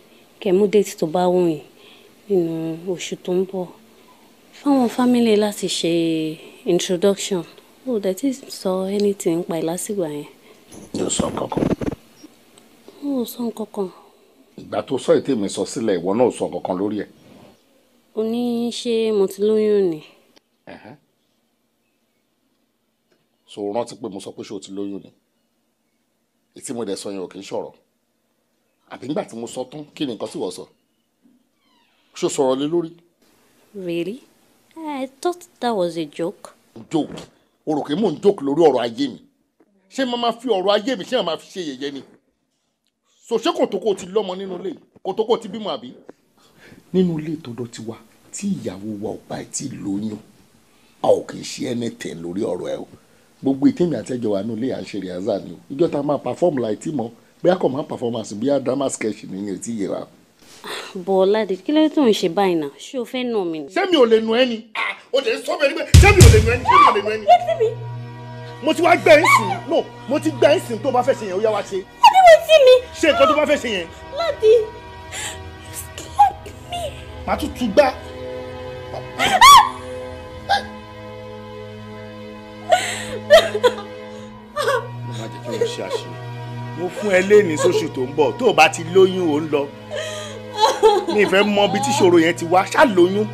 kẹmú date tó bá wù yín nínú oṣù tó ń bọ̀ fáwọn family láti ṣe introduction ó dẹ̀ ti sọ anything pa ìlàsìgbà yẹn. yóò sọ nǹkan kan. ó sọ nǹkan kan ìgbà tó sọ ètè mi sọ sílẹ̀ ìwọ náà sọ kankan lórí ẹ̀. o ní ṣé mo ti lóyún ni. so rántí pé mo sọ pé ṣé o ti lóyún ni ètí mo dẹ̀ sọ yẹn ò kì í ṣọ̀rọ̀ àbí nígbà tí mo sọ tán kí ni nǹkan tí wọ́n sọ ṣó sọ̀rọ̀ lé lórí. really i thought that was a joke. joke o rò pé mò ń joke lórí ọ̀rọ̀ ayé mi ṣé màá fi ọ̀rọ̀ ayé mi ṣé màá fi ṣe yẹ̀yẹ́ ni so ṣé kòtòkò ti lọ́mọ nínú ilé kòtòkò ti bímọ àbí. nínú ilé tọ̀dọ̀ ti wa tí ìyàwó wa ò bá ti lóyún a ò kì í ṣe ẹni tẹ̀ lórí ọ̀rọ̀ ẹ o gbogbo ìtẹ̀mí àtẹ́jọ́ wa nílé à ń ni o ìjọ ta máa pàfọ́ọ̀mù láì tí mọ́ bí kò máa pàfọ́ọ̀mù bí a drama sketch ni ìyẹn ti yẹ wa. bọ́ọ̀ládé kí ló tó ń ṣe báyìí náà ṣé o fẹ́ nù mí ni. sẹ́mi ò lè nù ẹ́ ah, o lè sọ bẹ́ẹ̀ ni sẹ́mi ò lè nù ẹ́ sẹ́mi ò lè nù ẹ́ mo ti wá gbẹ ń sìn no mo ti gbẹ ń sìn tó bá fẹ́ ṣe yẹn ó yá wá ṣe. àdéhùn tí mi. ṣe nǹkan tó bá fẹ́ ṣe yẹn. láti slap me. màá tún tún gbá. mo máa jẹ́ kí wọ́n ṣe àṣeyẹ mo fún ẹ léèní sóṣù tó ń bọ̀ tó o bá ti lóyún ò ń lọ mi ìfẹ́ mọ ibi tí ìṣòro yẹn ti wá ṣáà lóyún.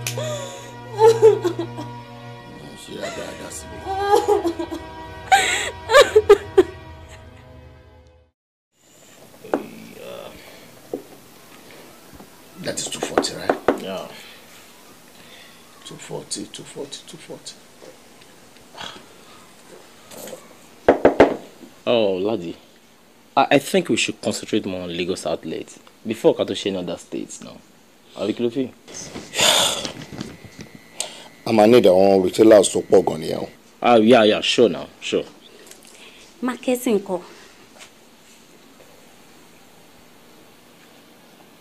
ṣé àgbà that is two forty right. Yeah. two forty two forty two forty. Oh, laddie, I, I think we should concentrate more on Lagos outlets before ká tó other states now. are we ló I'm A need àwọn retailers tó pọ̀ on here. Oh yeah, yeah, sure now, sure. Marketing kọ.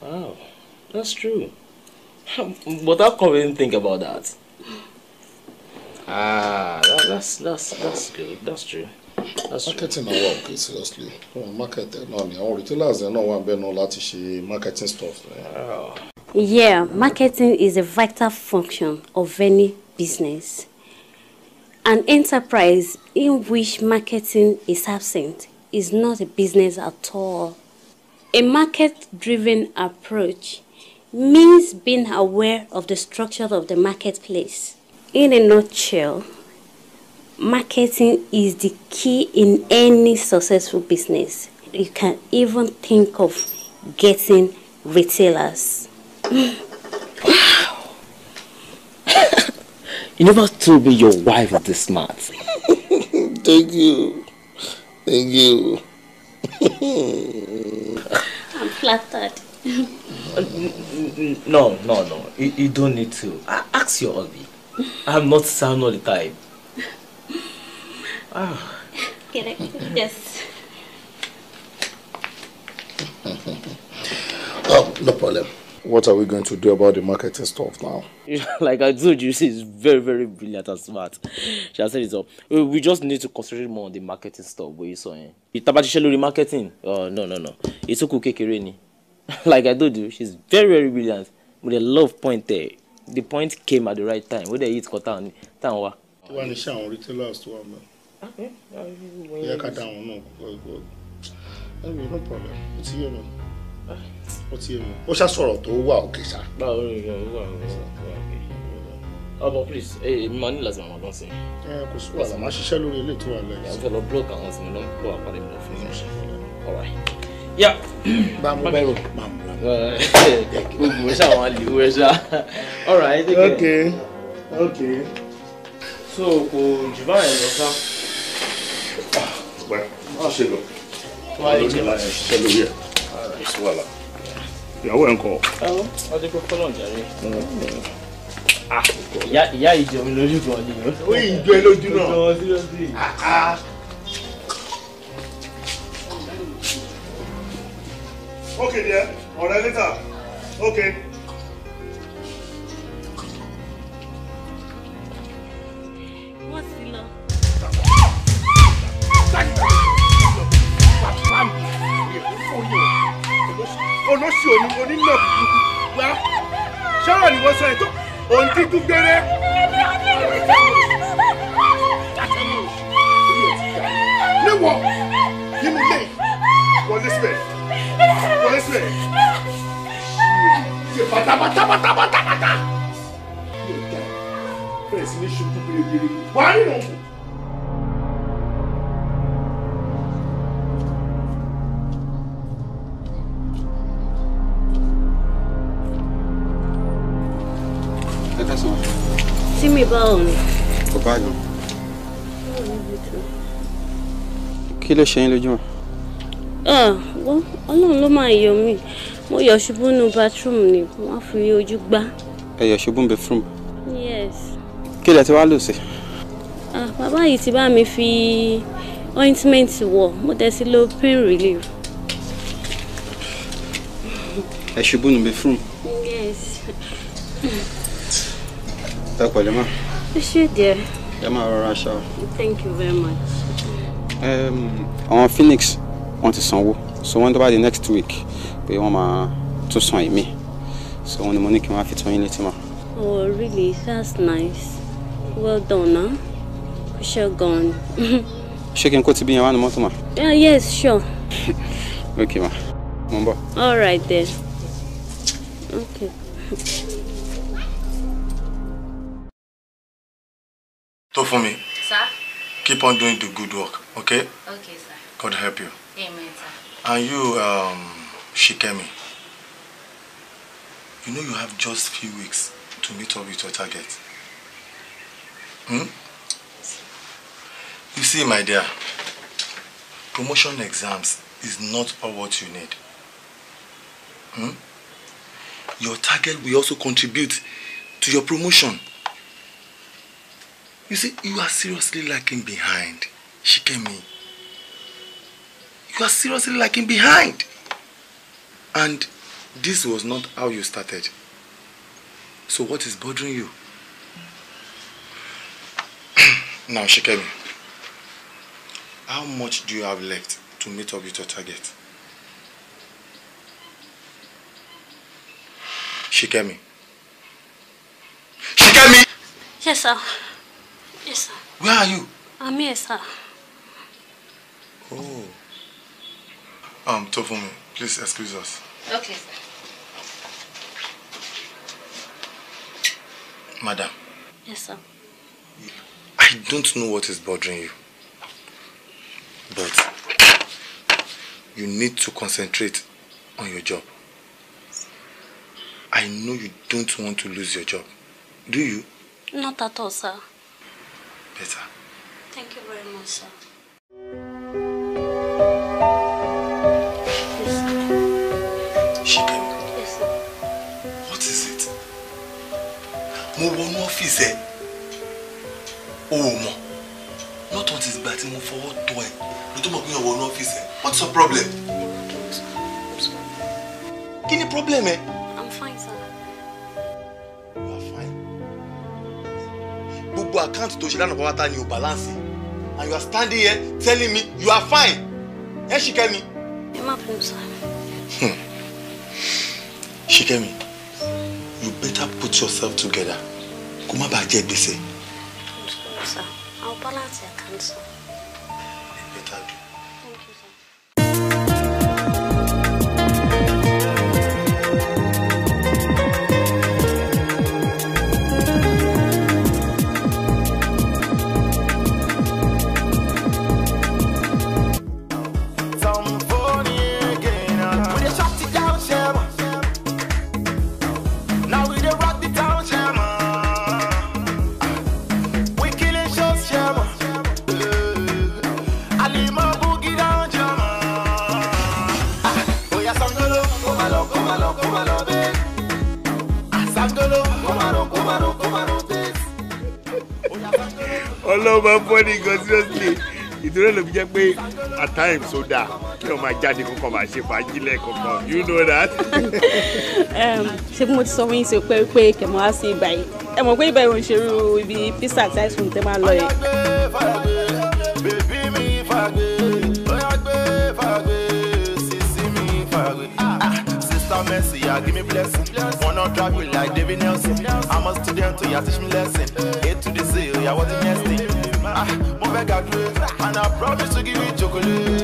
Wow. That's true. But how come we didn't think about that? Ah, that, that's that's that's good. That's true. That's marketing na work eh, seriously. No, marketing no ni àwọn retailers dem náà wà ń bẹ̀ náà láti ṣe marketing stuff. Eh. Yeah, marketing is a vital function of any business. An enterprise in which marketing is absent is not a business at all. A market-driven approach means being aware of the structure of the marketplace. In a nutshell, marketing is the key in any successful business. You can even think of getting retailers. Wow! you never told me your wife is this smart. Thank you. Thank you. I'm flattered no, no, no. You, you don't need to. I ask your hubby. I'm not sound all the time. Ah. Get it? Yes. oh, no problem. What are we going to do about the marketing stuff now? like I told you, is very, very brilliant and smart. She has said it all. We just need to concentrate more on the marketing stuff. But you saw it. Tabatishe The marketing? Oh, no, no, no. It's okay, Kereni. like I told you, she's very, very brilliant. With a love point there. The point came at the right time. Whether it's Kota and Tanwa. Tí wàá ní ṣe àwọn retailers tó wà mọ́. Okay. ká dá àwọn náà kó ẹ̀rọ no problem. Ó ti yé mi. Ó ti yé mi. Ó ṣá sọ̀rọ̀ Okay. wà òkè ṣá. Báwo ni ìyá owó àwọn ọ̀sán tó wà òkè? Ọmọ please, eh, èmi máa ní láti máa lọ sí. Ẹ kò sí wàhálà, máa ṣiṣẹ́ lórí ilé tó wà lẹ́yìn. Ìyàwó fẹ́ lọ búlọ̀kì àwọn ọ̀sán ló ń kó àpárẹ̀ mi lọ fún mi. All right yá. bàmú bẹ̀rù bàmú bẹ̀rù. gbogbo sáwọn ok ok. so kò jù báyìí lọ well má ṣe lọ wọ́n ló ní láti ṣiṣẹ́ lórí ẹ̀ kò sí wàhálà ìyàwó ẹ̀ ń kọ́. ọdún kò fọlọ́ jàre mm. ah, ìyá ìjọ mi lójú gan ni o. ó yìí ń jọ ẹ lójú náà. Okay, dear. All right, later. Okay. Oh, onílò wá sọ̀rọ̀ ni wọ́n sọ ẹ̀ tó òun ti dún gbére. níwọ̀ nínú ilé wọlé síbẹ̀. Você Bata, bata, bata, bata, bata. Presini şutu biri biri. Var mı? Se me bone. Obrigado. O que ele é de Ah. ọlọ́run ló máa yọ mí mo yọ̀ ṣubú nínú bathroom ni wọ́n fi ojú gbá. ẹ yọ̀ ṣubú bathroom. yes. kí lẹ ti wá lò sí. bàbá yìí ti bá mi fi ointment wọ̀ mo dẹ̀ sí lo pain relief. ẹ ṣubú nínú bathroom. yes. ẹ pẹ̀lẹ́ mọ́. ẹ ṣe díẹ̀. ẹ máa rọra ṣá thank you very much. àwọn um, Phoenix wọ́n ti sanwó so wọ́n tó bá next week pé wọ́n máa tún san èmi so wọ́n ni mo ní kí n wá fi tún yín létí mọ́. oh really that's nice well done na huh? sure gan. ṣé kí n kó ti bí yẹn wá ní mọ́tò mà. Uh, yes sure. okay ma mo ń bọ̀. all right then okay. tó fún mi. sir. keep on doing the good work okay. okay sir. God help you. amen sir. And you, um, Shikemi, you know you have just few weeks to meet up with your target. Hmm? You see, my dear, promotion exams is not all what you need. Hmm? Your target will also contribute to your promotion. You see, you are seriously lacking behind. Shikemi. You are seriously lagging behind. And this was not how you started. So what is bothering you? now, Shikemi, how much do you have left to meet up with your target? Shikemi. Shikemi! Yes, sir. Yes, sir. Where are you? I'm here, sir. Oh um, Tofumi, please excuse us. Okay, sir. Madam. Yes, sir. I don't know what is bothering you. But you need to concentrate on your job. I know you don't want to lose your job. Do you? Not at all, sir. Better. Thank you very much, sir. fees ẹ lọ́tọ̀ ti gbà tí mo fọwọ́ tọ ẹ ló tó mọ̀ pé ọ̀wọ́ ní ọ́fíìsì ẹ what's your problem? kí ni problem ẹ? I'm fine sir. you are fine? gbogbo àkáǹtì tó ṣe lánàá pátá ni o balance and you are standing here telling me you are fine ẹ ṣìkẹ́ mi. ẹ má bínú sir. Hmm. ṣìkẹ́ mi you better put yourself together kó má bàa jẹ gbèsè. I'm sorry, sir. I'll balance your account, náà fi jẹ́ pé at times ó dáa kí wọ́n máa jáde kọ́kọ́ máa ṣe fàájì lẹ́ẹ̀kọ̀ọ̀kan you know that. ṣé mo ti sọ fún yín ṣe pé pé kẹ̀mọ́ á sí ibà yìí ẹ mọ̀ pé ibà yìí ò ń ṣerú ibi pizza àti ice cream tẹ́ máa lọ yìí. Ah, mercy, yeah, give me blessing. Wanna drive you like David Nelson. I'm a student, so yeah, teach me lesson. A to the Z, yeah, what's the next thing? ah, mo fẹ́ graduate and I promise to give you chocolate.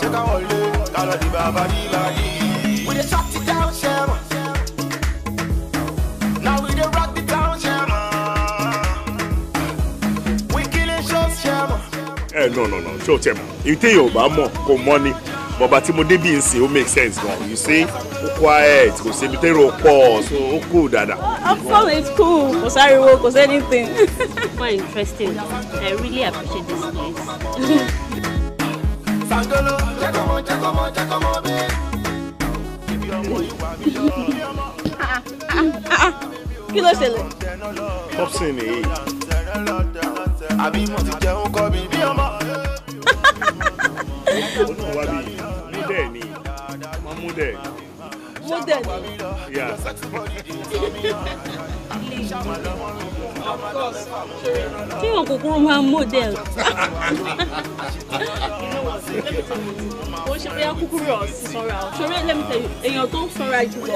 ṣé káwọn lé kálọ̀ di bàbá nílá yìí. we dey talk to down sẹ́wọ̀n. ẹ no no no ṣé o tẹ mọ èyí téèyàn ò mọ kò mọ ni bọba tí mo débi nsìn ó make sense gan you see ó quiet kò sí ibi tẹ́rọ pọ̀ so ó cool dada. of course it's cool kò sáriwo kò sí anything. more interesting. I really appreciate this place. kí ló ṣẹlẹ̀. popsin nìyí. àbí mo ti jẹun kọ́ mi bí ọmọ. ó náà wá bí mú dẹ̀ ni wọ́n mú model. Yeah. of course. kí wọn kúkúrú máa model. o ṣe bóyá kúkúrú ọ̀ sọ́ra ọ̀ ṣọ́ra ẹlẹ́mìtẹ́ èèyàn tó ń sọ́ra jùlọ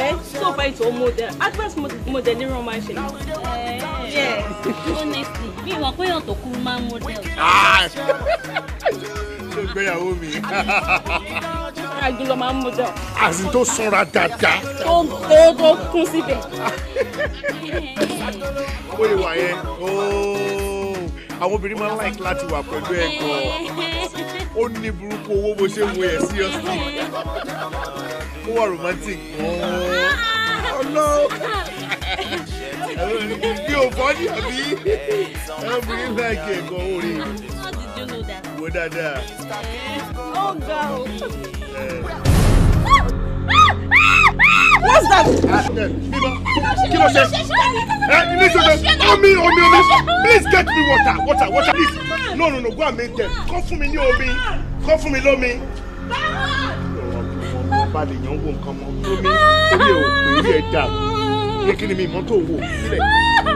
ẹ tó bá ètò model adverse model ní ràn máa ṣe. honestly mi ìwà pé èèyàn tó kúrú máa model. Ah! ṣé ìgbéyàwó mi. sanra jù lọ máa ń mú jọ. àrùn tó sanra dáadáa. tó tó tó kún síbẹ̀. ó lè wà yẹn àwọn obìnrin máa ń láìkí láti wà pẹ̀lú ẹ̀ gan-an ó ní burúkú owó bó ṣe wo ẹ̀ seriously ó wà romantic gan-an ọlọ́ọ̀ bí ò fọ́ ní àbí ẹ̀ obìnrin láìkí ẹ̀ gan-an ó rí i wò dáadáa. ó ga o. what's that. Ah, eh, kí ló ṣe ẹ ní ṣoṣo omi omi omi please get me water water water please no no no go and make them kọ́ fún mi ní omi kọ́ fún mi lómi balẹ̀ yẹn ń wo nǹkan mọ́ lómi orí ò pé ẹ̀ dà ní kí ni mi mọ́ wò sílẹ̀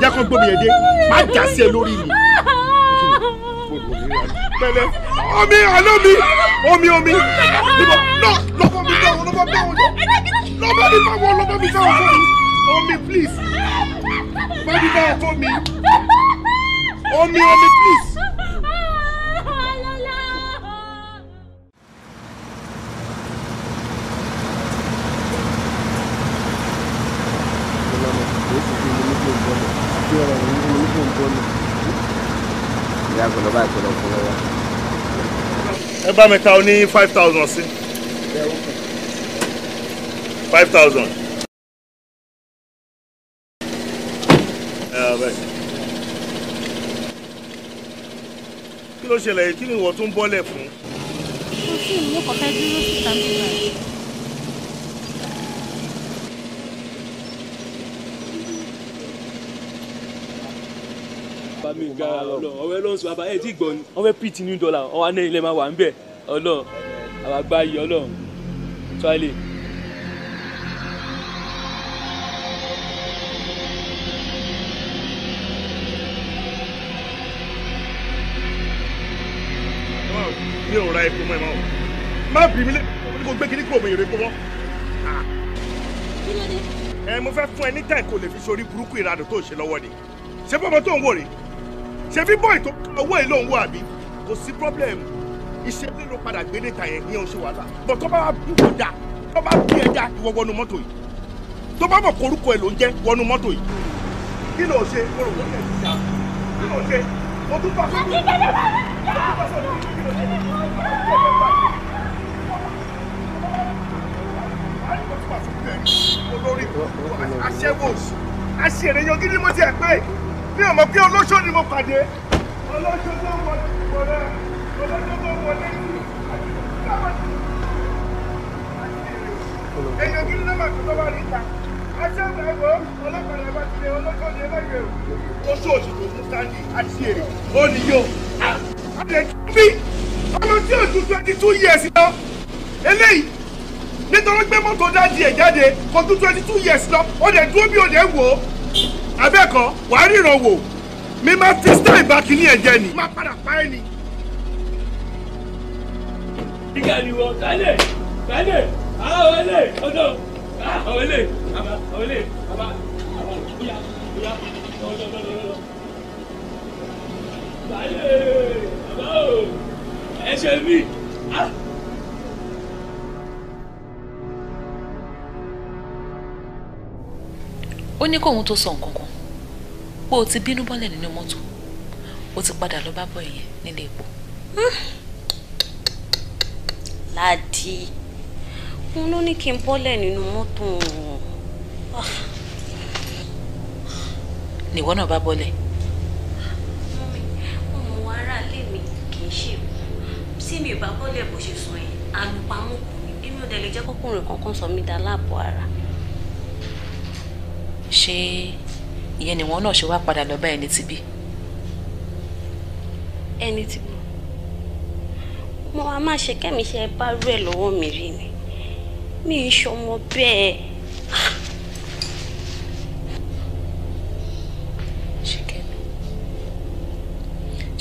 jákọ́ gbómi ẹ̀ dé má jà sí ẹ lórí mi pẹ̀lẹ́ omi àlọ́ mi omi omi ìbọn lọ lọ́bọ̀ mi bá wọn lọ́bọ̀ bá wọn lọ́bọ̀ mi bá wọn lọ́bọ̀ mi bá wọn fún mi omi please bá mi bá wọn fún mi omi omi please. bá ìpínlẹ̀ fún lọ́wọ́. ẹ bá mi ka ọ ní five thousand sí. five thousand. kí ló ṣẹlẹ̀ kí ni ìwọ tún bọ́lẹ̀ fún. mo sì mú kọ̀ọ̀kan dúró síta nígbà yìí. bàbá mi ga ọlọ ọwẹ ló ń sọ bàbá ẹ ti gbọ́ ni. wọ́n fẹ́ pìtì ní dọ́là ọwọ́ aná ilẹ̀ máa wà ń bẹ̀ ọlọ àbàgbà yìí ọlọ tọ́lẹ̀. mi ò ra epo mọ́ ẹ mọ́ o má bì mí lé kó gbé kíní kúrò mi ìrè epo mọ́. kí ló dé. ẹ mo fẹ́ fún ẹ ní tẹ̀ kó lè fi sórí burúkú ìranù tó ṣe lọ́wọ́ ni ṣé bọ́bọ́ tó ń wò rèé ṣe fi bọ́ ìtò owó èlò òun wà bí kò sí problem iṣẹ́ lílo padà gbélé ta yẹn yẹn ò ṣe wàhálà bọ̀ tó bá bí wọ́n da tó bá bí ẹja ìwọ wọnú mọ́tò yìí tó bá mọ̀ korúkọ ẹ̀ ló ń jẹ́ wọnú mọ́tò yìí kí ló ṣe kóró wọ́n yẹn ti kí ló ṣe mo tún bá sọ́dún mo tún bá sọ́dún kí ló ṣe. aṣẹ́wó aṣèrè yan gidi mo ti ẹ̀ pé mi ò mọ̀ pé olóṣó ni mo pàdé olóṣó tó wọlé olóṣó tó wọlé ní àti ìdáwọ̀ sí i. èèyàn kí ló máa tó bá rí ta aṣọ́gbà ẹ̀kọ́ ọlọ́pàá lẹ́bàá ti lé olóṣó ni ẹ bá yẹ o. olóṣó òṣèlú mú sáńdì àti èrè ó ní yóò. àlẹ́ bí ọmọ tí ò ju twenty two years lọ eléyìí nítorí pé mọ́tò dájú ẹ̀ jáde kò ju twenty two years lọ ó dẹ̀ dúró bí ó dẹ̀ wò ó abẹ́ẹ̀kọ́ wàá ríran wò mi máa fi style bá kínní ẹ̀ jẹ ni. má padà pa ẹ́ ni. ìgbà ni wọ́n kálẹ̀ kálẹ̀ àwọn ilé ọjọ́ àwọn ilé àbá àwọn ilé àbá àbá bóyá bóyá lọ́wọ́ lọ́wọ́ lọ́wọ́. kálẹ̀ àbá o ẹ ṣe mí. Ah! ó ní kóun tó sọ nǹkan kan pé o ti bínú bọ́lẹ̀ nínú mọ́tò o ti padà lọ bá bọ́ ìyẹn nílé epo. láàdì òun ló ní kí n bọ́lẹ̀ nínú mọ́tò nìwọ náà bá bọ́lẹ̀. ọmọ ara lè mi kì í ṣe sí mi ìbá bọ́lẹ̀ bó ṣe sọ yẹn àlùpàmọ́ kò ní bí mi ò dẹ̀ lè jẹ́ kọ́kùnrin kankan sọ mi dá láàbò ara ṣé ìyẹn ni wọn náà ṣe wá padà lọ bá ẹni tí bí. ẹni tí bí mo máa máa ṣe kẹ́mi ṣe bá rú ẹ̀ lọ́wọ́ mi rí ni mi ì ṣọmọ bẹ́ẹ̀.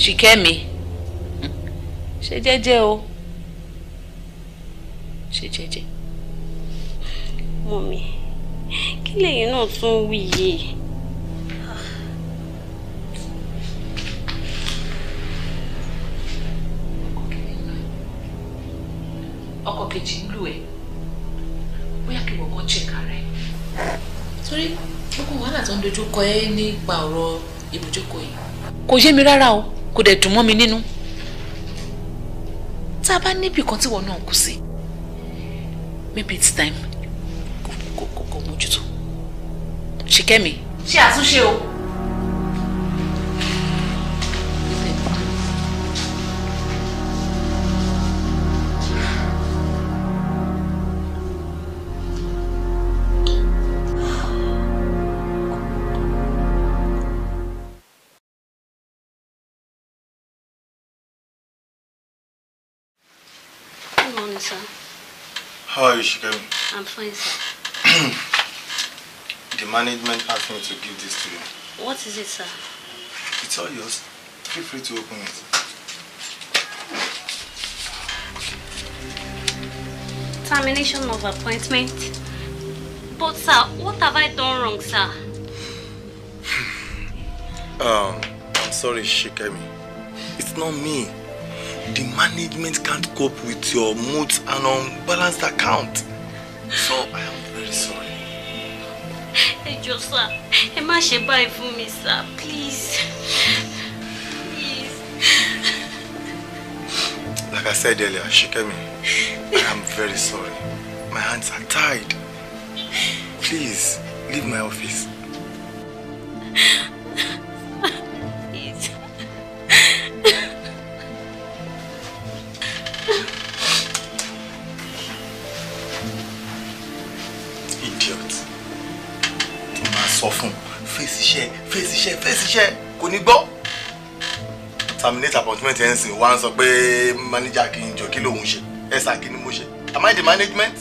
ṣìkẹ́mi ṣe jẹ́jẹ́ o ṣe jẹ́jẹ́. mọ̀ mi kí lẹ́yìn náà tún wí yìí. ọkọ kejì ń lù ẹ bóyá kí wọn kàn check ara ẹ. torí gbogbo wàhálà tó ń dojú kọ ẹ nípa ọ̀rọ̀ ibùjókòó yìí. kò yé mi rárá o kò dẹ̀ dùn mọ́ mi nínú tá a bá níbì kan tí wọn náà kù sí maybe it's time kò kò kò mójútó ṣìkẹ́mi. ṣe àtúnṣe o. How are you, Shikemi? I'm fine, sir. The management asked me to give this to you. What is it, sir? It's all yours. Feel free to open it. Termination of appointment. But, sir, what have I done wrong, sir? um, I'm sorry, Shikemi. It's not me. The management can't cope with your moods and unbalanced account. So I am ẹjọ sá ẹ má ṣe báyìí fún mi sá please. Like I said earlier, Shikemi, I am very sorry. My hands are tied. Please, leave my office. ṣiṣẹ́ kò ní gbọ́ terminate appointment ẹ̀ ń sìn wá ń sọ pé manager kì í jọ kí lòun ṣe ẹ sà kí ni mo ṣe am I the management.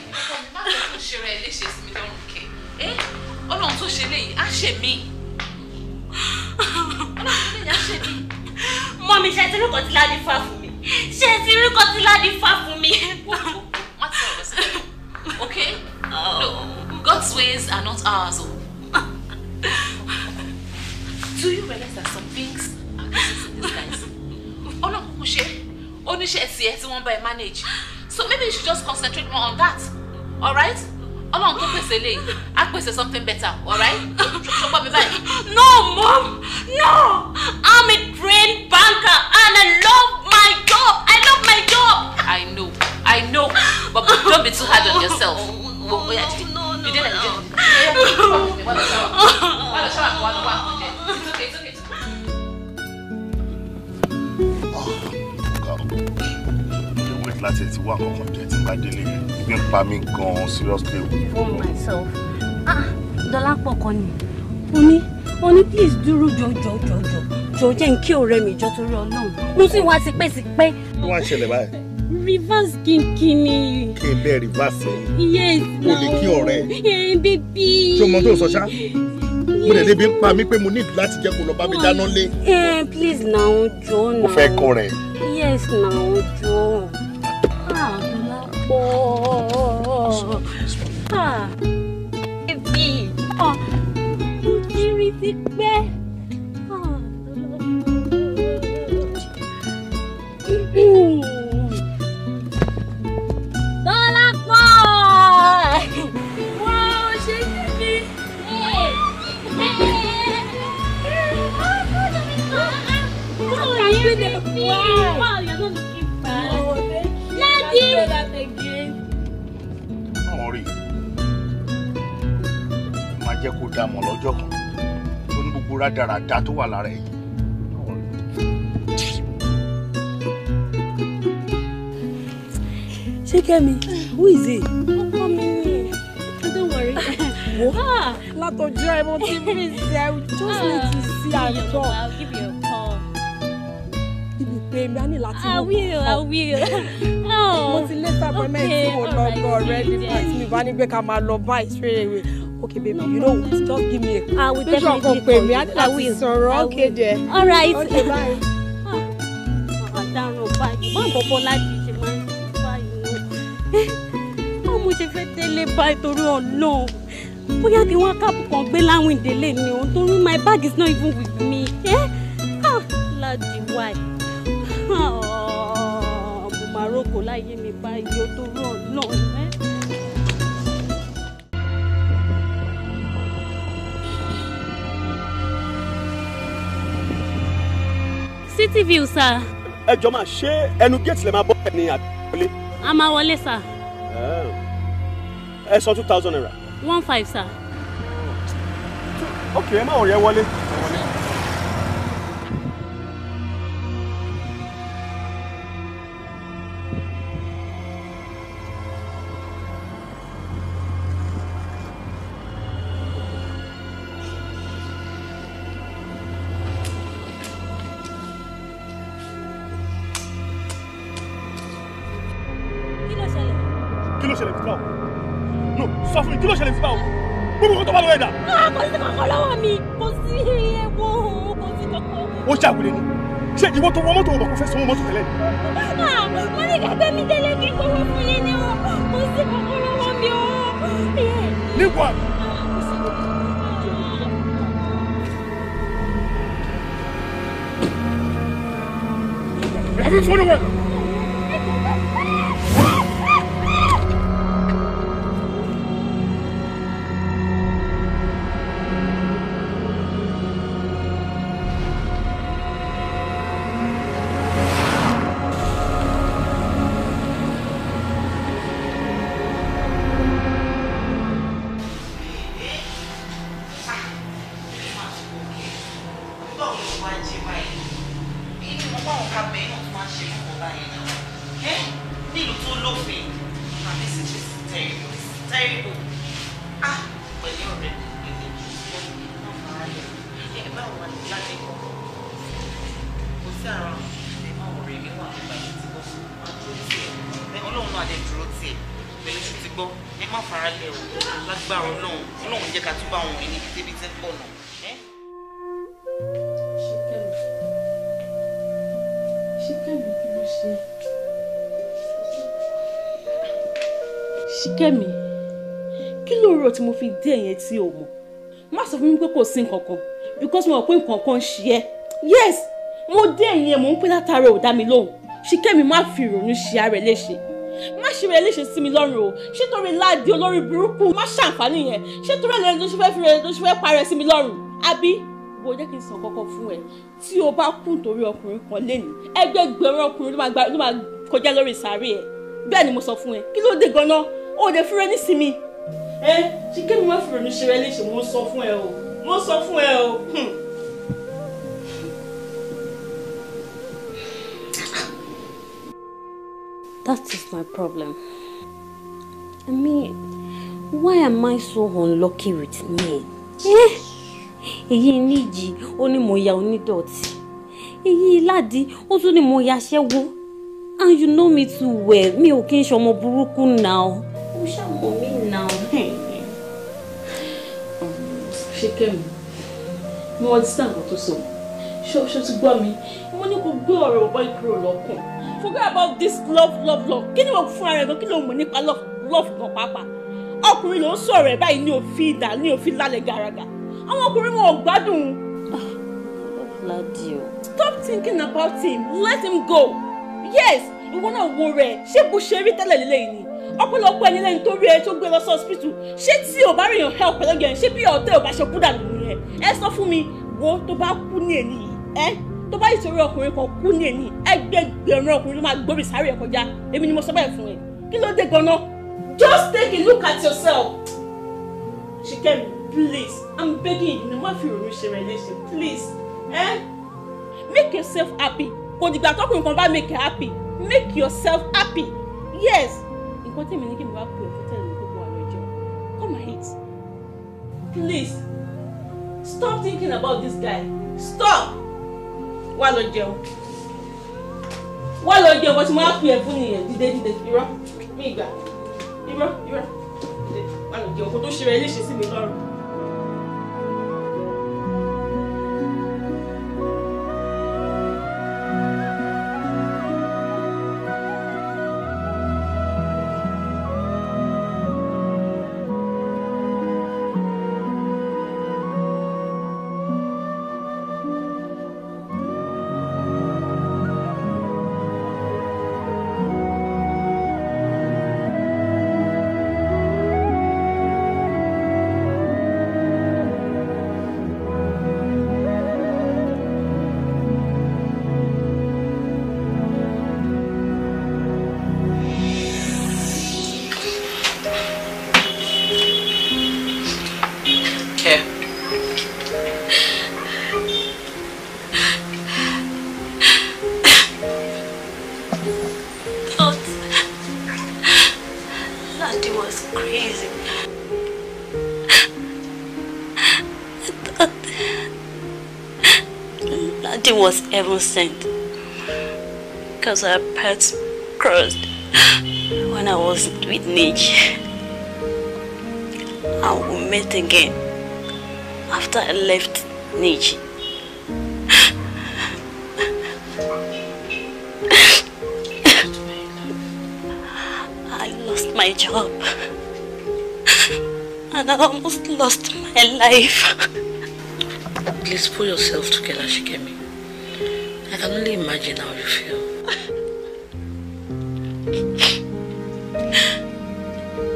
ọlọ́run tó ṣe léyìí á ṣe mí ọlọ́run tó ṣe léyìí á ṣe mí. mọ́mí ṣe ti rí kọtí láti fà fún mi ṣe ti rí kọtí láti fà fún mi. okay no oh. God's ways are not ours o. Oh. oníṣẹ́ ẹ̀sìn ẹ̀ tí wọ́n by manage so maybe you should just concentrate more on that All alright ọlọ́run tó pèsè lè á pèsè something better All right? ṣọgbọ́n mi báyìí. no mom no i'm a brain banker and i love my job i love my job. i know i know but don't be too hard on yourself. no no no no. you dey like you dey. wà á lọ ṣọ́wà kó wà lọ́wọ́ àkójẹ. night láti ti wá ọkàn jẹ́ tí bá délé yẹn pa mí gan-an seriously. for myself ah Dọlápọ̀ kan ni o ní o ní please dúró jọjọ jọjọ jọ jẹ́ n kí ọ̀rẹ́ mi jọ torí ọlọ́run mo sì wá sí pé sí pé. kí wọ́n á ṣẹlẹ̀ báyìí. reverse kínkín ni. kí n bẹ́ẹ̀ reverse ẹ̀. yes no o lè kí ọ̀rẹ́ ẹ̀. ẹ eh, bẹ́bí. ṣé o mọ tó sọ ṣá mo lè débi ń pa mí pé mo need láti jẹ́ kó lọ bá mi dáná lé. ẹ eh, please na ojú ọ̀nà. o fẹ́ kọ rẹ̀. yes na ojú ọ̀nà. Oh. Baby. Oh. be. Wow, jẹ́ kó dá mọ̀ lọ́jọ́ kan tó ní gbogbo rádaràda tó wà lára ẹ̀yìn. ṣé kẹ́mi who is he. ọkọ mi ni don't worry. wo ah! látọjọ́ ẹ mo ti rí ṣe i just need to ah, see and talk. ibi pé mi á ní láti mọ̀ kọ́. I will I will. mo ti lé sábà oh, mẹ́rin tí mo lọ lọ rẹ́ nípa tí mi bá ní pé ká máa lọ báyìí straight away okay baby you know what just give me a call. i will definitely call you. I will. àti láti sọ̀rọ̀ okay there. all right. okay bye. ọ̀daràn ah, oh, báyìí má bọ̀bọ̀ láti ṣe máa ń báyìí o. báwo ṣe fẹ́ délé báyìí torí ọlọ́run bóyá kí wọ́n káàpù kan gbé láwìn ìdílé ni o torí my bag is not even with me. Eh? Ah, láti wá ah, mo máa rògbò láyé mi báyìí o torí ọlọ́run. Eh? city view sir. ẹ jọ máa ṣe ẹnu géètì lè máa bọ́ ẹ̀ ní àbíwọlé. a máa wọlé sir. ẹ sọ two thousand naira. one five sir. ok ẹ má wọ̀nyẹn wọlé. mọ́tò wọ mọ́tò ọ̀bà kò fẹ́ sanwó mọ́tò tẹ́lẹ̀ ah, ni. mo ní ká mi délé kí n kọ́wọ́ fún yín ni o mo sì kọ́kọ́ lọ́wọ́ mi o. nígbà. Have you thrown tí mo fi dé yẹn tí o mọ̀ má sọ fún mi pé kò sí nǹkan because mo mọ̀ pé nǹkan kan ṣe ẹ́ yes mo dé yẹn mò ń pè látara ò dá mi lóhùn ṣìkẹ́mi má fi ìrònú ṣe ara ẹ̀ léṣe má ṣe rẹ̀ léṣe sí mi lọ́rùn o ṣé láàdí olórí burúkú má ṣàǹfààní yẹn ṣé ẹ̀ ló ṣe fẹ́ fi rẹ̀ ló ṣe fẹ́ parẹ́ sí mi lọ́rùn àbí wo jẹ́ kí n sàn kọ́kọ́ fún ẹ tí o bá kú nítorí ọkùnrin kan lẹ́nu ẹgbẹ́gbẹ̀rún ọkùnrin ló máa kọjá lórí sàárè ẹ bẹ́ẹ̀ ni mo sọ fún ẹ kí ló dé gan o ò dé fúnra nísìmí ẹ ṣe kémi má fi ronú ṣe rẹ mo sọ fún ẹ o mo sọ fún ẹ o. Hmm. That is my problem. I mean, why am I so unlucky with me? Eh? Èyí níjì ó ní mo ya onídọ̀tí. Èyí ládi ó tún ní mo ya aṣẹ́wó. And you know me too well. Mi ò kí ń ṣọmọ burúkú náà. Mo ṣàmọ̀ mí náà ṣe kẹ́mi mo understand nǹkan tó sọ ṣó ti gbọ́ mi mo ní kó gbé ọ̀rọ̀ ọ̀bọ ìkúrò lọ́kàn forget about this love love love kí ni mo fún ara ẹ̀ gan kí ló mọ̀ nípa love love gan pàápàá ọkùnrin ló ń sọ̀rọ̀ ẹ̀ báyìí ní òfin ìdá ní òfin lálẹ́ gàràgà àwọn ọkùnrin wọn ò gbádùn. Ah, stop thinking about him let him go yes ìwọ náà wo rẹ̀ ṣé bó ṣe rí tẹ́lẹ̀ lélẹ́yìn ni ọ̀pọ̀lọpọ̀ ẹni lẹ́yìn tó rí ẹ tó gbé lọ sí hospital ṣé tí o bá rí èèyàn help pẹ̀lú ṣé bí ọ̀tẹ̀ ò bá ṣe kú dànù rẹ ẹ sọ fún mi wo tó bá kú ní èyí ẹ tó bá ìṣòro ọkùnrin kan kú ní èyí ẹgbẹgbẹ̀rún ọkùnrin ló máa gbórí sáré ẹ kọjá èmi ni mo sọ bẹ́ẹ̀ fún ẹ kí ló dé ganan just take a look at yourself Ṣìkẹ́mi please i'm begging you má fi òru ṣe rẹ please eh? make yourself happy kò dìgbà tọkùnrin kan bá make you happy make yourself happy yes nǹkan tèmi ní kí n wá pè ọ́ fún tẹ̀lé gbogbo àwọn ẹjọ́ come and eat please stop thinking about this guy stop wá lọ jẹun wá lọ jẹun bó ti máa pè ẹ́ fún nìyẹn dìde dìde irọ́ mi ìgbà irọ́ irọ́ wá lọ jẹun kó tó ṣe rẹ léṣe sí mi lọ́rùn. Daddy was crazy. I thought Daddy was heaven sent. Because our paths crossed when I was with Nietzsche. And we met again after I left Nietzsche. and I almost lost my life. Please pull yourself together, Shikemi. I can only imagine how you feel.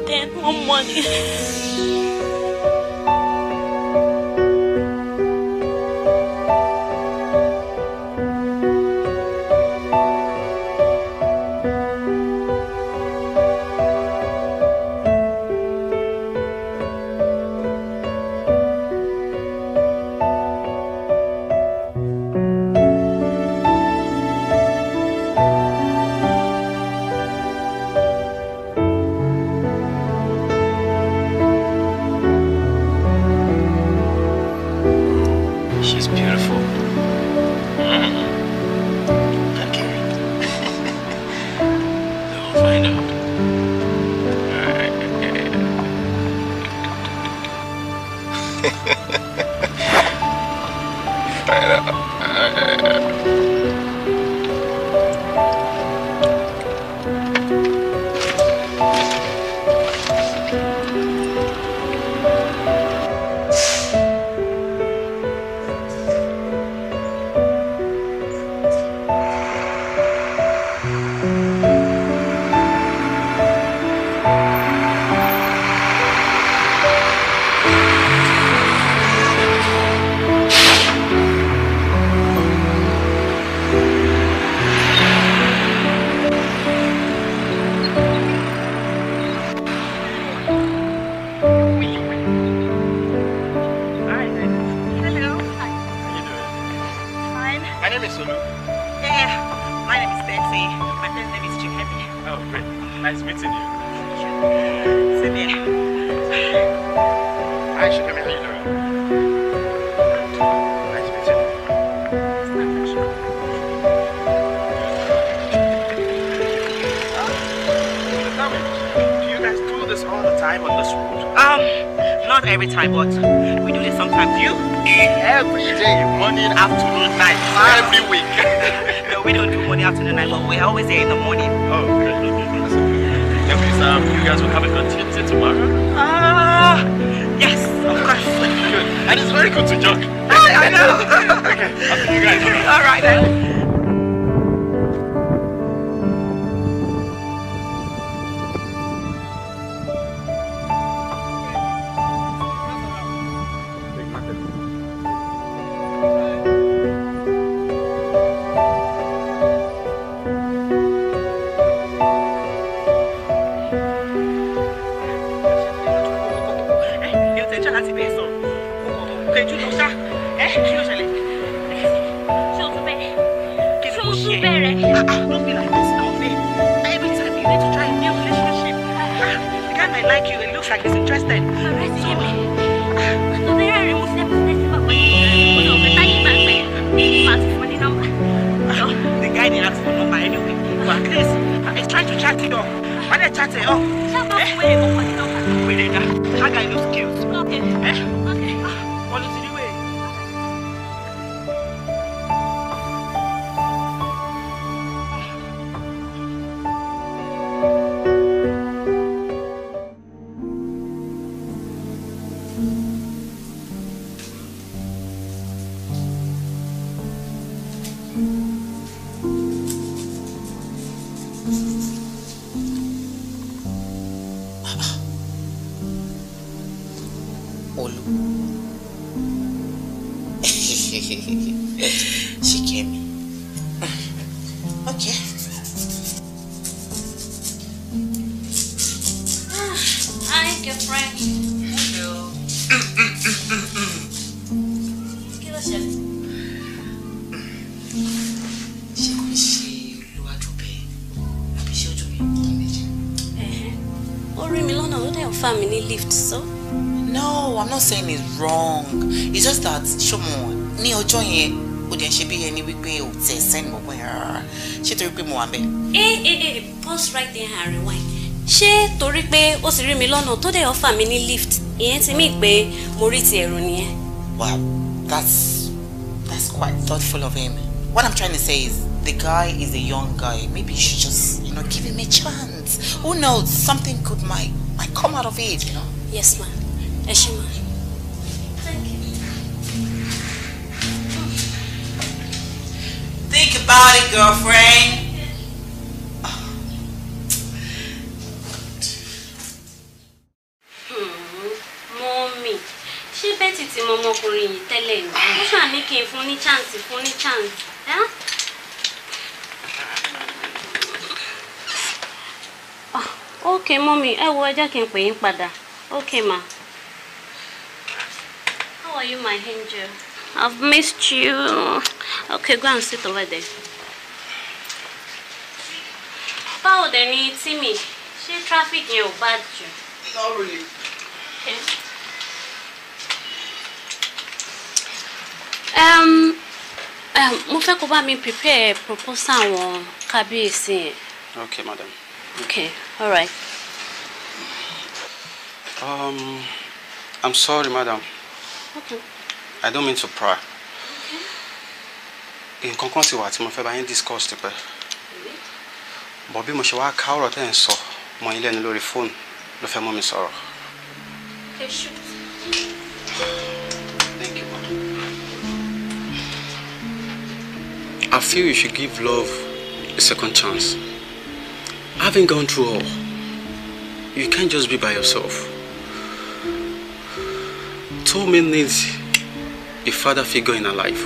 then one morning. it's just that ṣọmọ ní ọjọ́ yẹn ó dẹ̀ ṣe bí ẹni wípé ò tẹ̀ sẹ́ni gbogbo yẹn rárá ṣé torí pé mo wà bẹ́ẹ̀. ẹ ẹ ẹ pause right there and rewind ṣé torí pé ó sì rí mi lọ́nà tó dẹ̀ ọ́fà mi ní lift ìyẹn ti mí pé mo rí ti ẹ̀rù nìyẹn. wow that's that's quite thoughtful of him what i'm trying to say is the guy is a young guy maybe you should just you know give him a chance who knows something good might might come out of it you know. yes ma'am. ẹ ṣe ma. body, girlfriend. mommy she Betty ti mọ ọmọkùnrin yìí tẹ́lẹ̀ ni? Ó ṣáà ní kí n fún ní chance fún ní chance. Ah, ok, mọ́mí, ẹ wo ẹ jẹ́ kí n pè ma. How are you, my angel? I've missed you. Okay, go and sit over there. How Báwo dẹ̀ see me? She traffic yẹn ò bá Not really. Okay. Um, um, mo fẹ́ kó bá mi prepare proposal àwọn kabi yẹn. Okay, madam. Okay, all right. Um, I'm sorry, madam. Okay. I don't mean to pry. In kan sì wà tí mo discourse bá yín discuss ti pẹ́ bọ̀ bí mo My wá ká ọ̀rọ̀ tẹ́ ń sọ mọ ilé Thank you, ma. I feel you should give love a second chance. Having gone through all, you can't just be by yourself. Two men needs a father figure in her life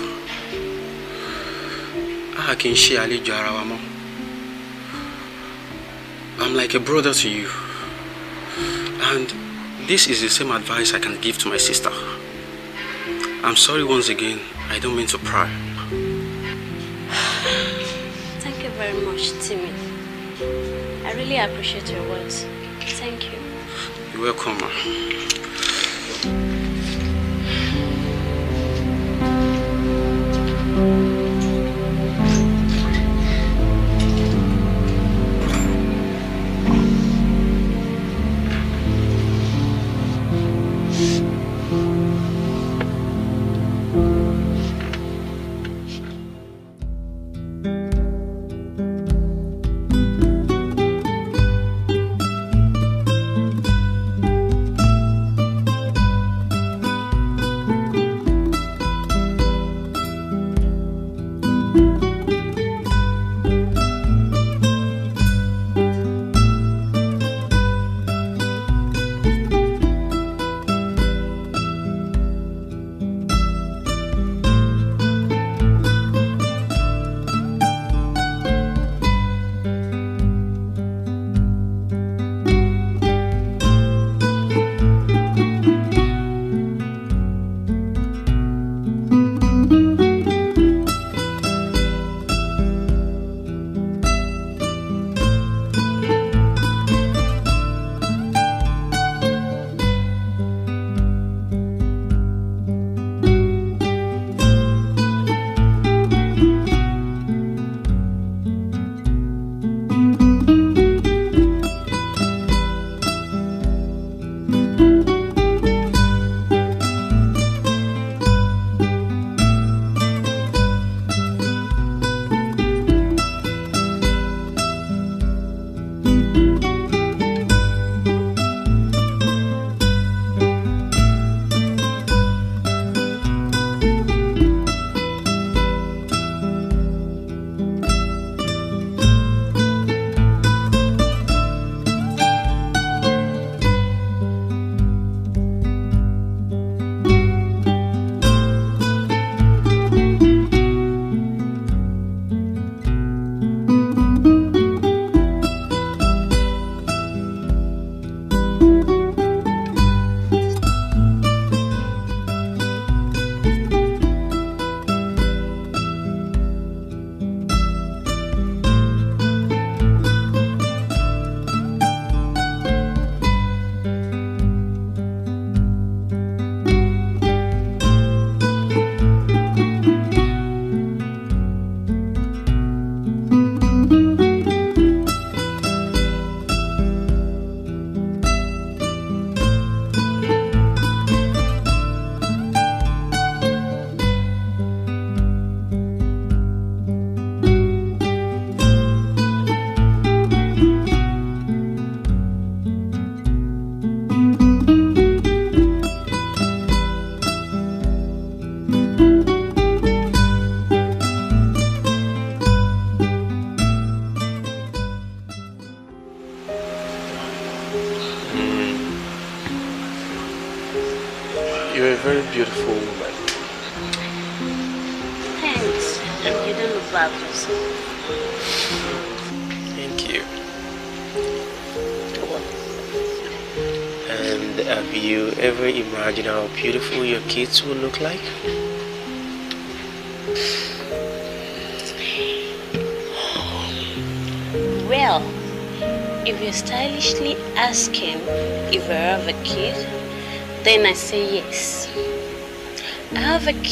ah, í can share Ali wa mọ́ I'm like a brother to you and this is the same advice I can give to my sister I'm sorry once again I don't mean to pry. Thank you very much Timmy I really appreciate your words thank you. You're welcome ma.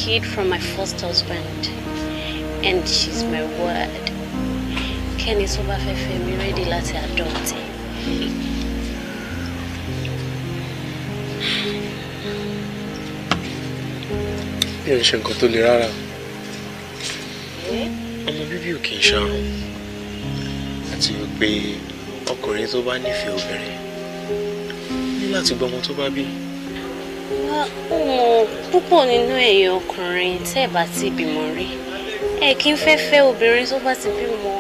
kid from my first husband and she's my word kẹ́ni tó bá fẹ́ fẹ́ mi rédí láti àdọ́tì. mi ò ṣe nǹkan tó le rárá eh? ọmọ bíbí ò kì í ṣàrùn àti wípé ọkùnrin tó bá nífẹ̀ẹ́ obìnrin ní láti gbọ́ ọmọ tó bá bí. wọ́n mú un púpọ̀ nínú ẹ̀yin ọkùnrin tẹ́ ẹ̀ bá ti bímọ rí ẹ kì í fẹ́ fẹ́ obìnrin tó bá ti bímọ.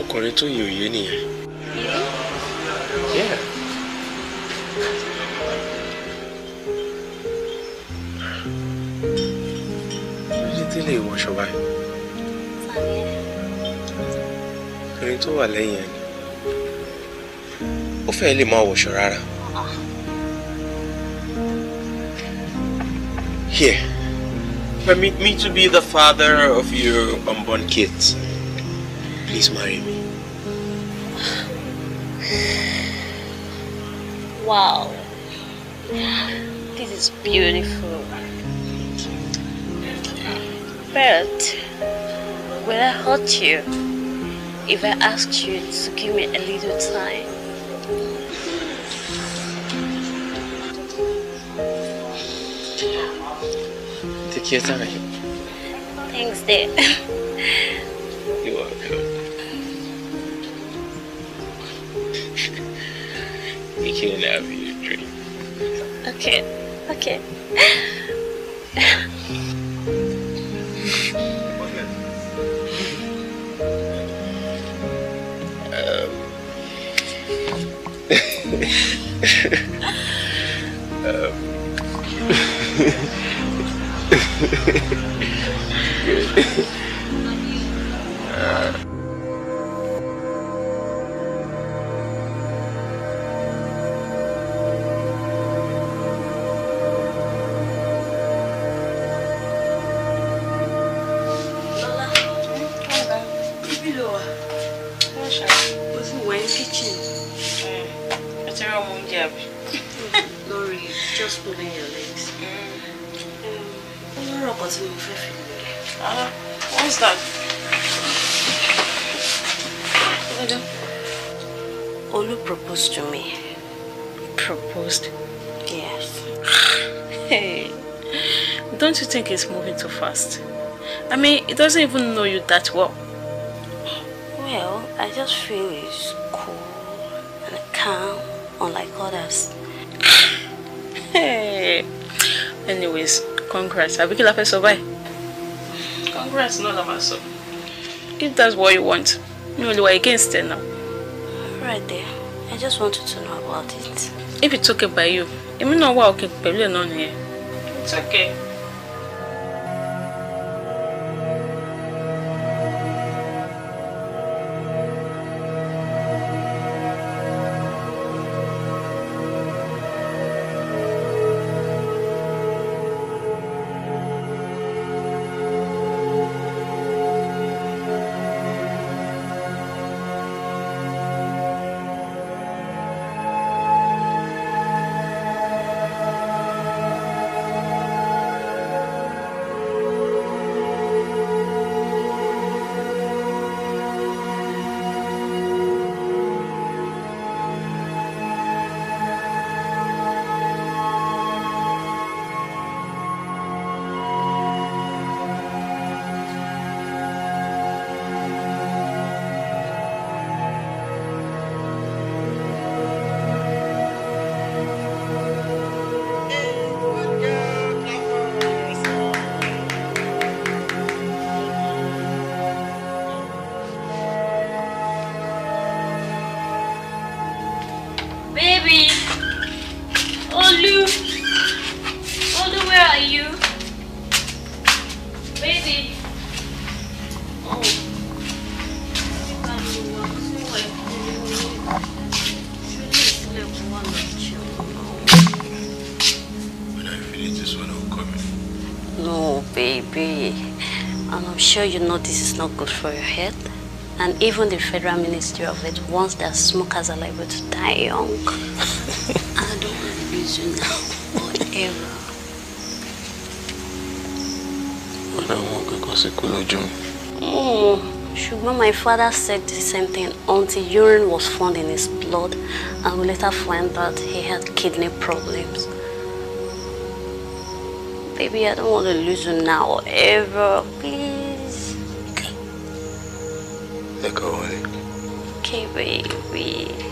ọkùnrin tó yẹ òye nìyẹn. Yeah. ilé ìwọ̀n ṣọba ẹni tó wà lẹ́yìn ẹni. ó fẹ́ lè máa Here, permit me to be the father of your unborn kids. Please marry me. Wow. This is beautiful. But, will I hurt you if I ask you to give me a little time? Thanks, Dad. You're welcome. you can have your drink. Okay, okay. good. I mean, it doesn't even know you that well. Well, I just feel it's cool and calm, unlike others. hey. Anyways, congrats. Abike la fẹ́ sọ báyìí. Congrats náà la máa sọ. If that's what you want, mi ò lè against it now. Right there. I just wanted to know about it. If it's okay by you, èmi náà wà okay pẹ̀lú ẹ̀ náà nìyẹn. It's okay. Even the Federal Ministry of It wants that smokers are liable to die young. I don't want to lose you now, whatever. Oh, Shugma, my father said the same thing until urine was found in his blood and we later found that he had kidney problems. Baby, I don't want to lose you now or ever, please let go of it. Okay, baby. we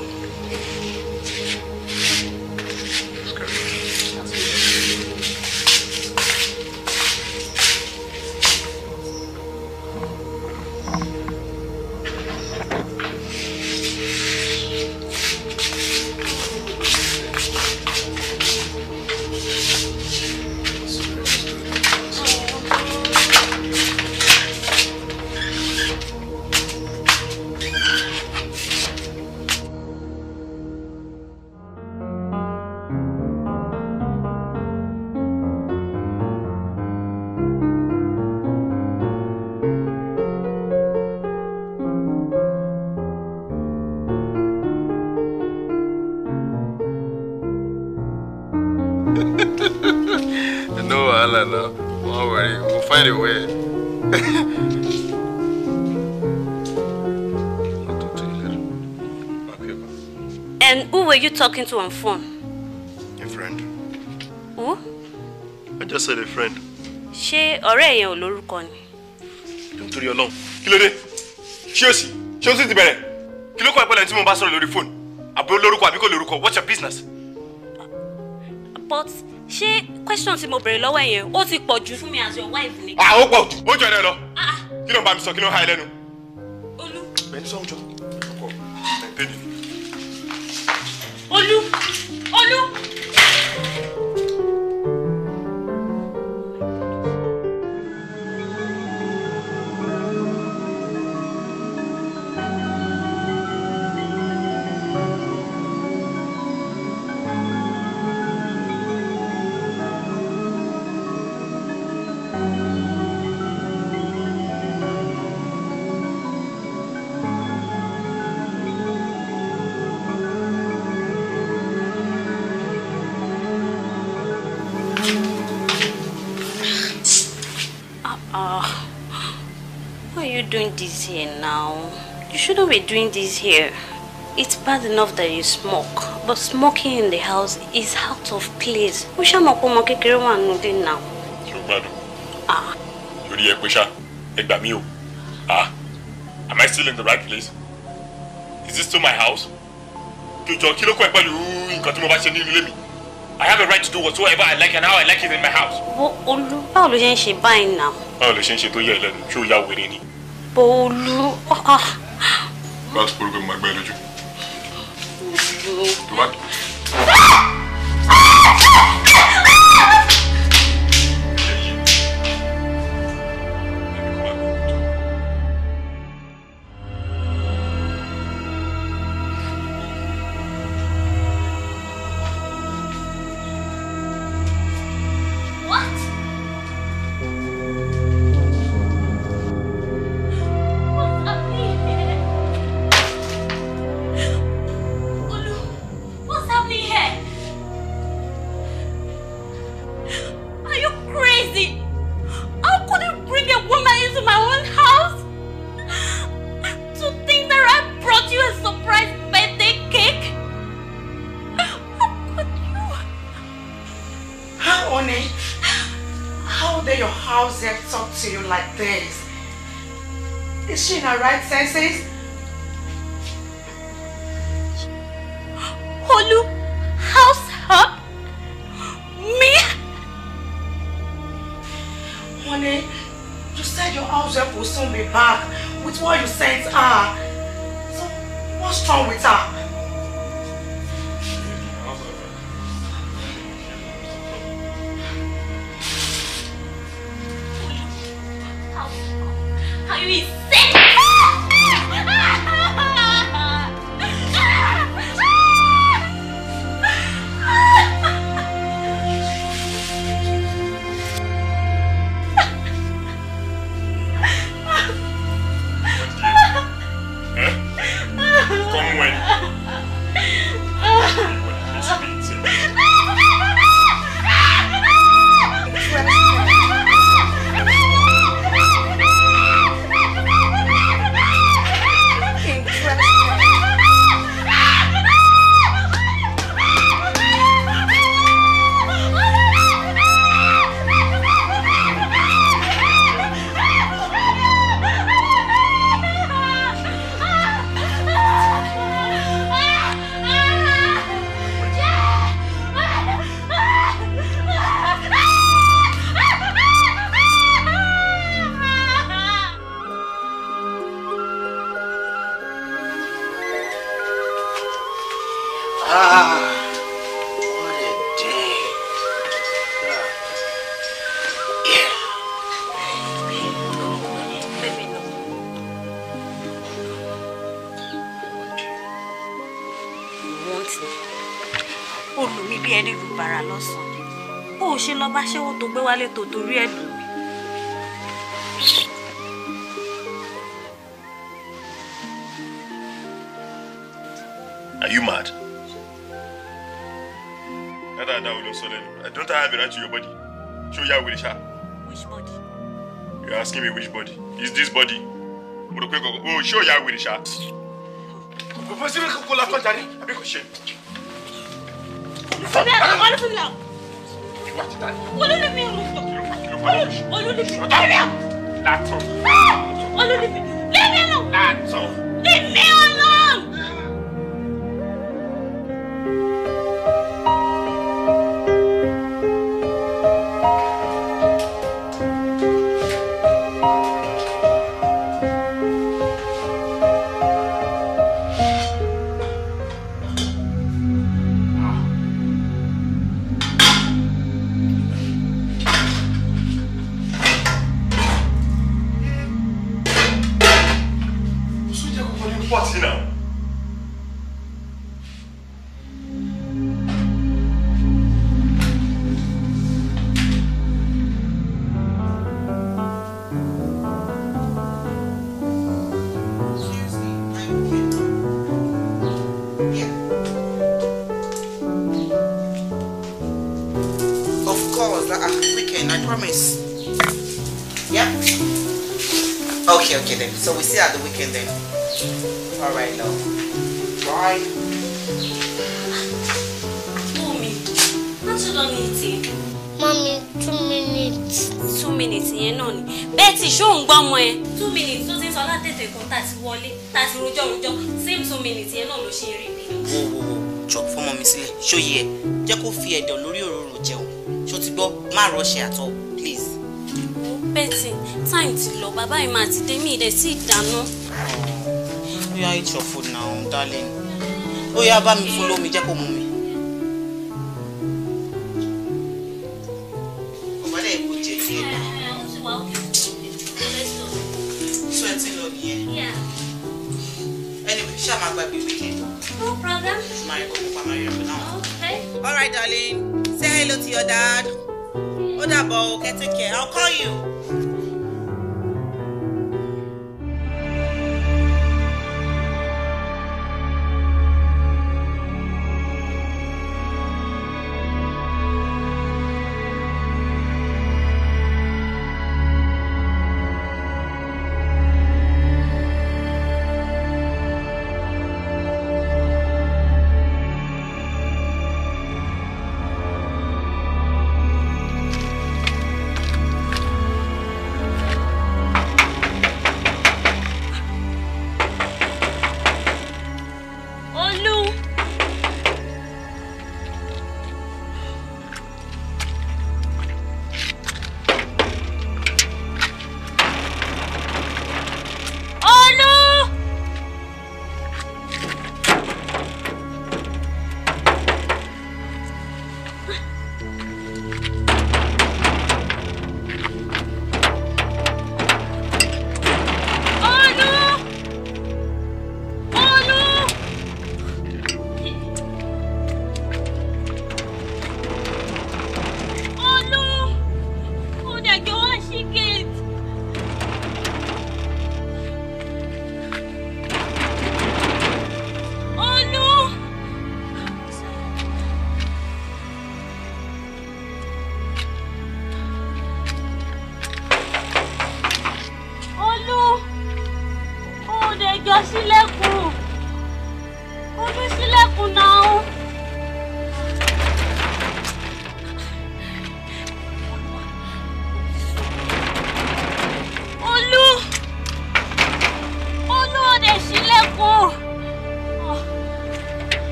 talking to on phone? A friend. Who? I just said a friend. She already yẹn ò lórúkọ Don't Nítorí Ọlọ́run, kí ló dé? Ṣé o sì? Ṣé o sì ti bẹ̀rẹ̀? Kí ló kọ́ ẹ̀pẹ́ lẹ́yìn tí mo bá sọ̀rọ̀ lórí fóònù? Àbí olórúkọ àbí kò lórúkọ? What's your business? But she questions tí mo bèrè lọ́wọ́ ẹ̀ yẹn ó ti pọ̀ jù fún mi as your wife Ah, what ó pọ̀ jù. Ó jọ ẹ lọ. Ah, ah. Kí ló ń bá mi sọ? olho shouldn't be doing this here. It's bad enough that you smoke, but smoking in the house is out of place. Mo ṣá mọ̀ pé ọmọ kékeré wà nínú ilé náà. Ṣé Ah. Lórí ẹ pé ṣá, ẹ gbà Ah, am I still in the right place? Is this still my house? Jọ̀jọ̀ kí ló kọ́ ẹ pẹ̀lú nǹkan tí mo bá ṣe I have a right to do whatsoever I like and how I like it in my house. Wo Olú, báwo ló ṣe ń ṣe báyìí náà? Báwo ló ṣe ń ṣe tó yẹ ẹ lẹ́nu? Ṣé o ya wèrè ah. ah tó bá ti polúkọ mi máa gbá ẹ let your house help talk to you like this? Is she in her right senses? Holu, house help? Me? Honey, you said your house help will soon be back with what you sent her. So, what's wrong with her? ṣé òyà wèrè ṣá. bàbá síbi kókó la tọ́jà ní àbí kò ṣe. sọ́bí àgbà wọlé fún mi náà. olórí mi rò sọ. olórí mi rò sọ. látọ̀. Ah! olórí mi lẹ́yìn náà. látọ̀. ẹ̀dọ̀ lórí òróró jẹun ṣó ti gbọ́ má rọṣẹ́ àtọ please. betty time ti lọ bàbá yìí máa ti dé mí ìdẹ sí ìdáná. ó oh, yá eat your food now darling ó yá bá mi fún lómi jẹ́ kó mu mi. ọ̀bọ̀dẹ̀ kò jẹ́ sí ẹ̀ sọ ẹ ti lọ nìyẹn ẹni ṣáà máa gbàgbé wíkẹ́ndì. no problem. My yẹ kó kópa máa yẹ All right, darling. Say hello to your dad. Ó dàbọ̀ o, okay, care. I'll call you.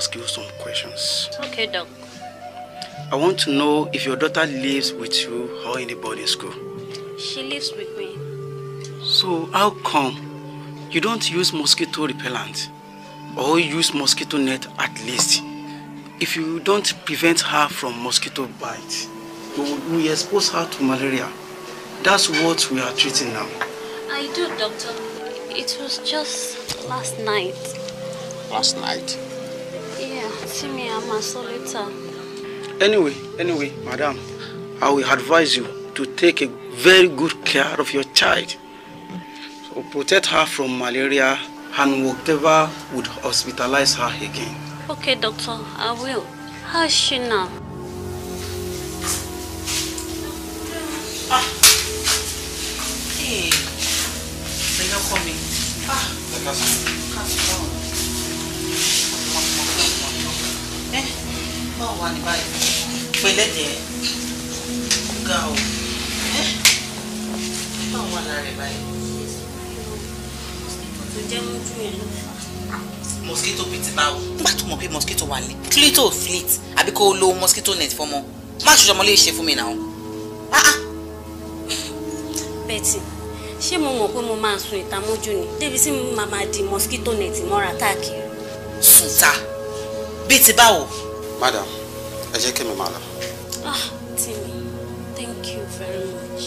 ask you some questions. Okay, Doc. I want to know if your daughter lives with you or in the boarding school. She lives with me. So how come you don't use mosquito repellent or use mosquito net at least? If you don't prevent her from mosquito bite, we expose her to malaria. That's what we are treating now. I do, doctor. It was just last night. Last night? sọ later. anyway anyway madam i will advise you to take a very good care of your child so protect her from malaria and whatever would hospitalize her again. okay doctor i will how is she now. Ah. Hey. They are not coming. Ah. the castle, castle. báwo wà o báwo wà mosquito jẹ́ mojú ẹ̀ mosquito bíi ti báwo. nígbà tó mosquito wà clito flit àbí kó o lo mosquito net fọmọ má ṣoṣọ ọmọ lè ṣe fún mi náà. Betty ṣé mo mọ̀ pé mo máa sun ìta mọ́jú ni débi tí mo máa di mosquito net mọ́ra káàkiri. sùn ta bíi ti báwo madam ẹ jẹ́ kí mi máa lọ. ah Timi thank you very much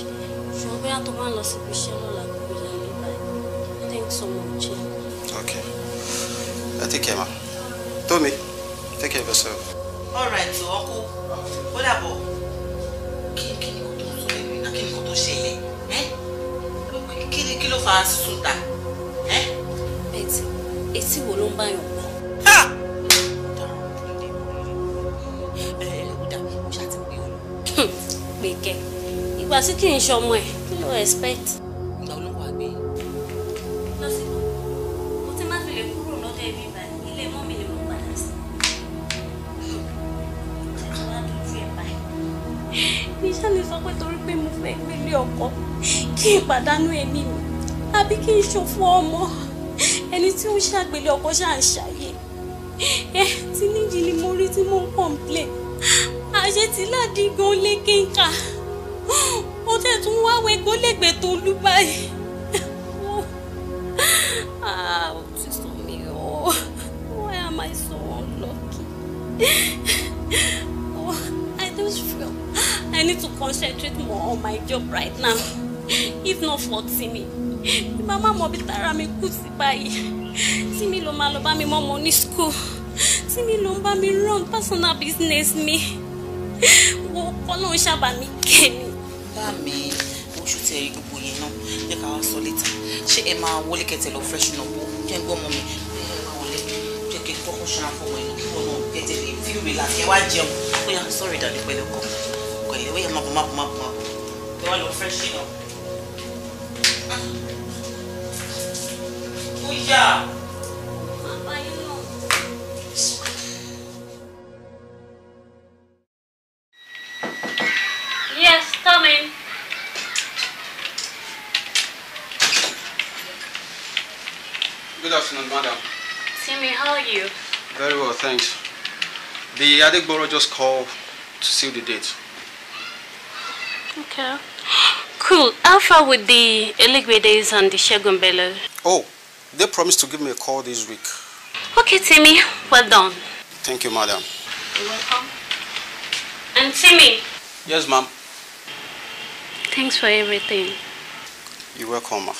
ṣùgbọ́n bóyá tó bá ń lọ síbi iṣẹ́ lọ́la gbogbo ìyá mi báyìí thanks so much. okay ẹ take care ma Tomi take care of yourself. all right o ọkọ ó dàbọ̀ kí kí ni kò tó ń sọ èmi náà kí ni kò tó ṣẹlẹ̀ kí ni kí ló fa sùn ta. bẹ́ẹ̀ tí etí wo ló ń bá ìgbà tí kì í ṣọmọ ẹ̀ kí ló expect. ìgbà olóko àgbẹ̀. lọ́sibọ̀ mo ti má fi lè kúrò lọ́dọ̀ ẹbí báyìí ilé mọ́ mi lè mú padà sí. ṣètò wá dojú ẹ̀ báyìí. níṣẹ́ ni sọ pé torí pé mo fẹ́ gbélé ọkọ kí n pàdánù ẹ̀mí mi àbí kí n ṣòfò ọmọ ẹni tí ó ń ṣàgbélé ọkọ ṣáà ń ṣàyè ẹ tí nídìí ni mo rí tí mo ń pọ̀ǹplẹ̀ àṣetìládìí gan lékè ń kà ṣe tún wá àwọn ẹgbẹ́ lẹ́gbẹ̀ẹ́ tó lú báyìí. ó ti sọ mí o. Why am I so unlucky? Oh, I just feel I need to concentrate more on my job right now. If not for Timi, màmá mọ̀ bí tara mi kú sí báyìí. Timi ló máa lọ bá mi mọ́ mọ́ ní school. Timi ló ń bá mi run personal business mi. Wo kọ́ ló ń ṣàbàmí kẹ́mi àmì oṣù tẹ gbogbo yẹn náà jẹ́ ká wá sọ létà ṣé ẹ máa wọlé kẹtẹ lọ fresh náà bó jẹ́ gbọ́ mọ́ mi bẹ́ẹ̀ máa wọlé jẹ́ kí n tọ́kọ̀ ṣe àfọwọ́ ẹ̀ lọ́kọ̀ náà kẹtẹ lè fi rè láti ẹ wá jẹun bóyá sọ̀rọ̀ ìdàdí pẹ̀lẹ́ kọ̀ pẹ̀lẹ́ bóyá máa bọ̀ máa bọ̀ máa bọ̀ máa bọ̀ ẹ wá lọ fresh náà. thanks. The Adegboro just called to seal the date. Okay. Cool. How far with the Eligwe and the Shegun Oh, they promised to give me a call this week. Okay, Timmy. Well done. Thank you, madam. You're welcome. And Timmy? Yes, ma'am. Thanks for everything. You're welcome, ma'am.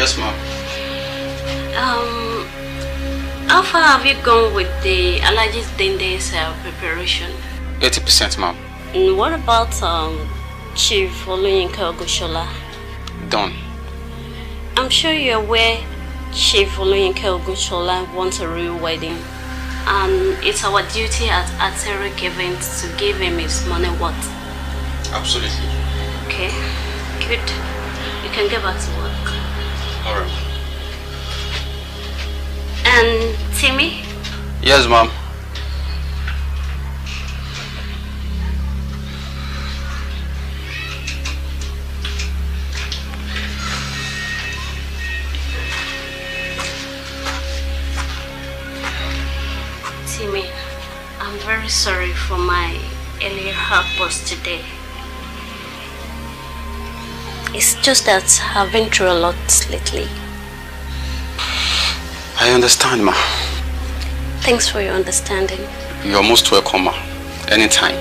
Yes, ma'am. Um, how far have you gone with the allergies Dende's uh, preparation? 80%, ma'am. And what about um, Chief Oluyinka Ogushola? Done. I'm sure you're aware Chief Oluyinka Ogushola wants a real wedding. And it's our duty at Atteric Event to give him his money worth. Absolutely. Okay, good. You can get back to work. All right. And Timmy? Yes, mom. Timmy, I'm very sorry for my earlier outburst today. It's just that I've been through a lot lately. I understand, ma. Thanks for your understanding. You're most welcome, ma. Anytime.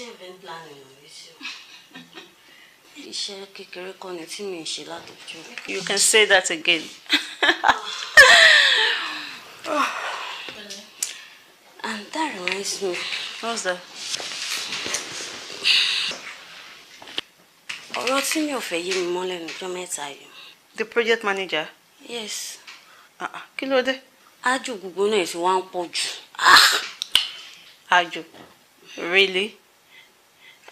iṣẹ́ event planning ló ń ṣe. iṣẹ́ kékeré kan ni tí mi ń ṣe látọjú. you can say that again. and that reminds me. what's that? ọ̀rọ̀ tí mi ò fẹ́ yé mi mọ́ lẹ́nu ọjọ́ mẹ́ta yìí. the project manager. yes. Ah, ah, kí ló dé. ájò gbogbo náà ti wá ń pọ̀ jù. Ah! ájò really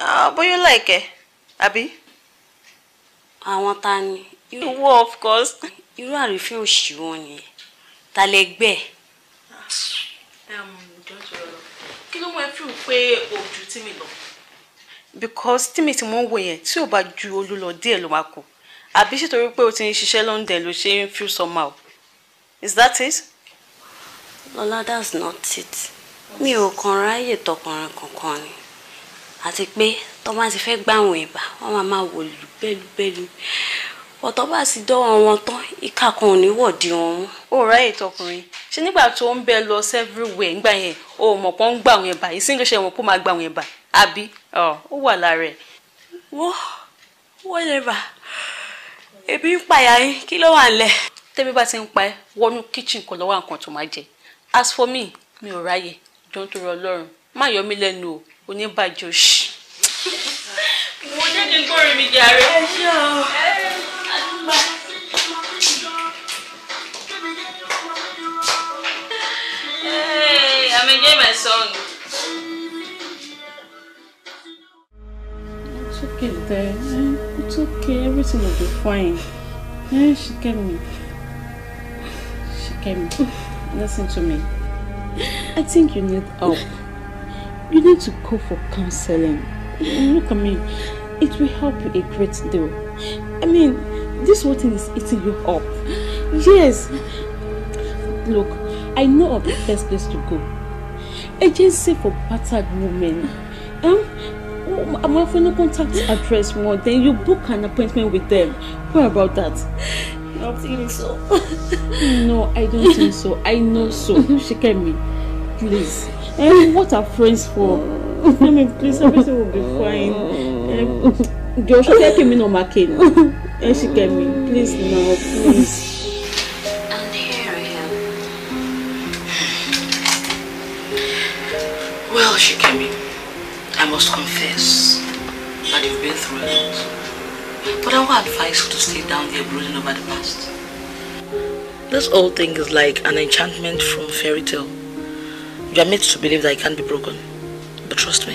Ah, but you like it, ẹ àbí. àwọn ta You ìwọ of course. You are òṣì wọn nìyẹn ta lẹ gbẹ. Um, kí ló mọ ẹ fi hù pé ojú because tí mi ti mọ wò yẹn tí ò bá ju olú lọ díẹ̀ ló máa kù àbí ṣètòrí pé o ti ń ṣiṣẹ́ London ló ṣe feel somehow is that it. Lola that's not it mi ò kàn ráyè tọkùnrin kankan ni àti pé tó bá ti fẹ́ gbàwọn ìbá wọ́n máa máa wò lùbẹ́lùbẹ́lù ọ̀tọ̀ bá ti dọ́wọ́ wọn tán ìka kan ò ní wọ̀dí wọn. ó rà ètò ọkùnrin ṣé nígbà tó ń bẹ lọ everywhere ńgbà yẹn o mọ̀ pọ́n ń gbà àwọn ẹ̀bà yìí sí ló ṣe wọn kó máa gbà àwọn ẹ̀bà àbí ó wà lára ẹ̀. wọ́n wọ́n lè bà ebi ń pàyà yín kí ló wà nílẹ̀. tẹ́bí bá ti ń pa ẹ́ wọnú kíchìn kan lọ́wọ́ nǹkan máa jẹ as for me mi ò ráyè jọ́ ń tó rọ ọlọ́run má yọ mí lẹ́nu o oníbàjẹ́ òṣì. mo jẹ́ kí n gbórin mi jàre. ẹ ṣe o. I'm enjoying my song. It's okay, there. Eh? It's okay. Everything will be fine. Eh, she came me. She came. Listen to me. I think you need help. You need to go for counseling. Look at me. It will help you a great deal. I mean, this whole thing is eating you up. Yes. Look, I know of the best place to go. Agency for battered women. Um, I'm my phone contact address more. Then you book an appointment with them. What about that? I don't think so. no, I don't think so. I know so. me please. Um, what are friends for? I mean, please, everything will be fine. Um, girl, she can't me no market. And she came me. Please, no, please. And here I am. Well, Shikemi, I must confess that you've been through a lot. But I would advise you to stay down there brooding over the past. This whole thing is like an enchantment from fairy tale. You are made to believe that it can't be broken. But trust me,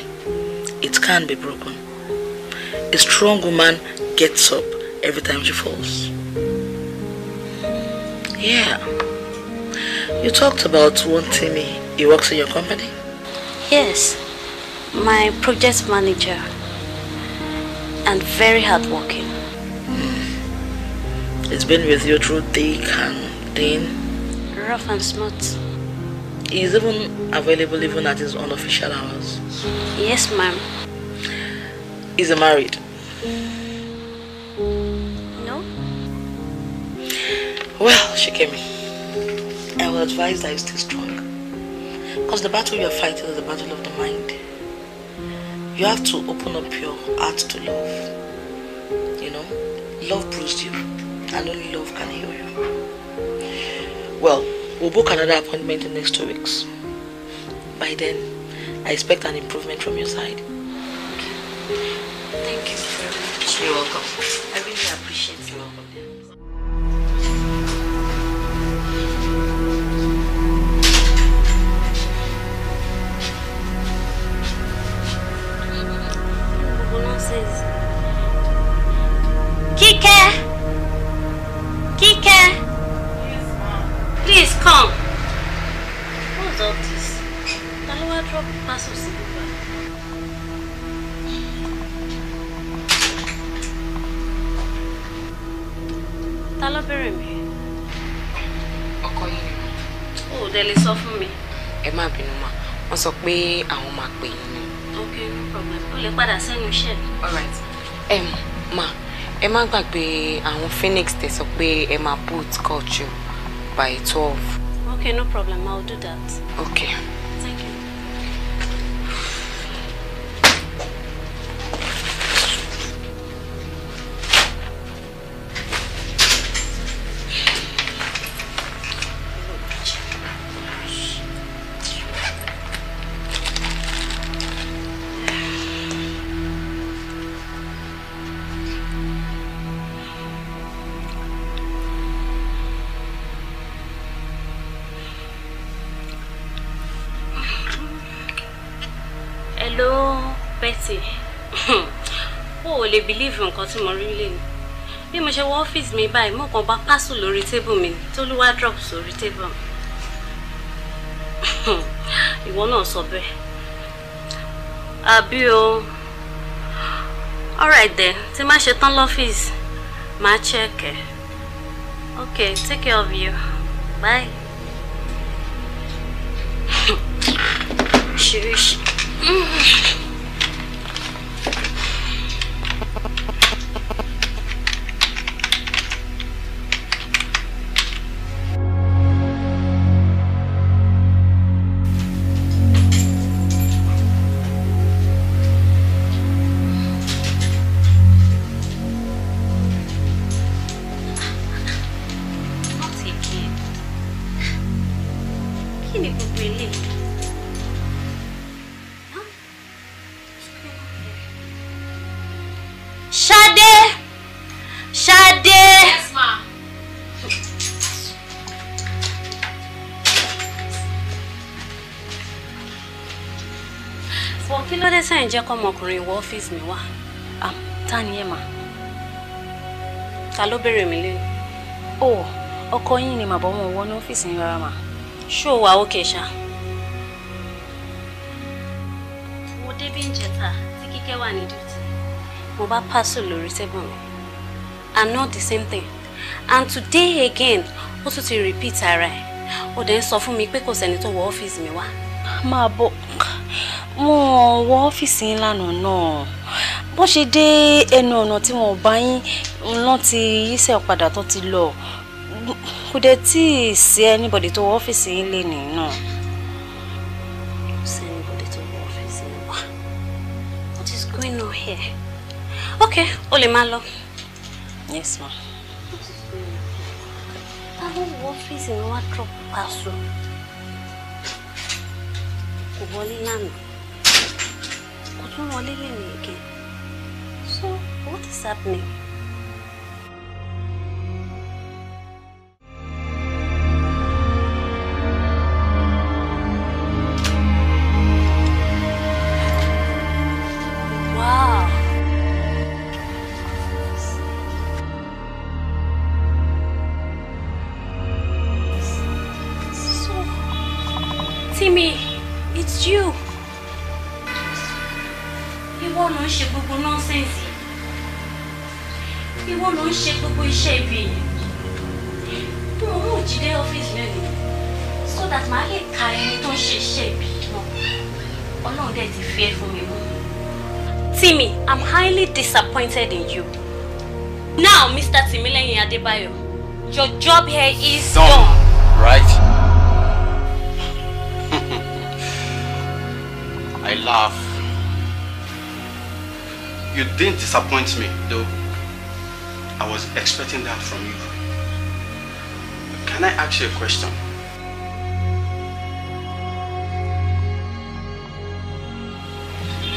it can be broken. A strong woman gets up every time she falls. Yeah. You talked about wanting me. He works in your company? Yes. My project manager. And very hardworking. Mm. It's been with you through thick and thin. Rough and smooth is even available even at his unofficial hours. Yes, ma'am. Is he married? No. Well, Shikemi, I will advise that you stay strong. Because the battle you are fighting is the battle of the mind. You have to open up your heart to love. You know, love bruised you, and only love can heal you. Well, We'll book another appointment in the next two weeks. By then, I expect an improvement from your side. Okay. Thank you very much. You're welcome. I really appreciate you. You're welcome. come. What's all this? Taiwa drop parcels in the van. Ta ló bẹ̀rẹ̀ mi? Ọkọ yìí ni. O ò dẹ̀ lè sọ fún mi. Ẹ má ma, wọ́n sọ pé àwọn máa pè yín ni. Ok, no problem. O lè padà sẹ́nu All right. Ẹ ma, ẹ má gbàgbé àwọn Phoenix tẹ̀ sọ pé ẹ máa boot culture. by 12. Okay, no problem. I'll do that. Okay. nǹkan tí mo rí lè ní bí mo ṣe wọ ọ́fíìsì mi báyìí mo kàn bá pásù lórí tébù mi tólúwá drop sórí tébù mi ìwọ náà sọ bẹ́ẹ̀ àbí o alright then tí má ṣe tán lọ́fíìsì máa ṣẹ́ẹ̀kẹ́ okay take care of you bye. Shush. Shade, shade. Yes ma. bọ̀ kí ló dé sẹ́yìn jẹ́ kọ́ ọmọkùnrin ìwọ ọ́fíìsì mi wá ta ni ẹ mà ta ló béèrè mí lẹ́nu o ọkọ yín ni màbọ̀ wọn wọnú ọ́fíìsì yín rárá mà ṣó wà ókè ṣá. mo débi ń jẹta tí kíkẹ́ wà nídìí mo bá parcel lórí table mi and not the same thing and today again ó tún ti repeat ara ẹ̀ ó dẹ̀ ń sọ fún mi pé kò sẹ́ni tó wọ ọ́fíìsì mi wá. máa bọ̀ wọ́n wọ ọ́fíìsì yín lánàá náà bó ṣe dé ẹnu ọ̀nà tí wọ́n bá yín ńlá ti yíṣẹ́ padà tó ti lọ kò dẹ̀ tí ì sí anybody tó wọ ọ́fíìsì yín lé nìyí náà. What is going on here? Okay, o lè máa lọ. yes ma. ta ló wọ ọ́fíìsì ní wá drop paṣọ kò wọlé lánàá kò tún wọlé lẹ́nu ẹ̀gẹ́ so what is happening. disappointed in you. Now, Mr. Timileyin Adebayo, your job here is done. done. Right? I laugh. You didn't disappoint me, though. I was expecting that from you. can I ask you a question?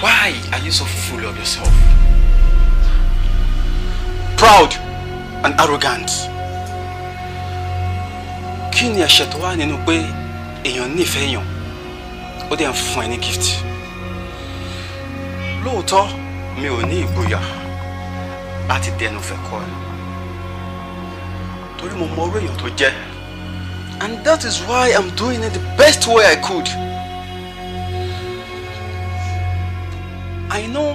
Why are you so full of yourself? proud and arrogant. kí ni ẹ̀ṣẹ̀ tó wà nínú pé èèyàn nífẹ̀ẹ́ èèyàn ó dẹ̀ ń fún ẹ ní gift. lóòótọ́ mi ò ní ìgboyà láti dẹnu fẹ́ kọ́ ẹ torí mo mọ orú èèyàn tó jẹ́ and that is why I'm doing it the best way I could. I know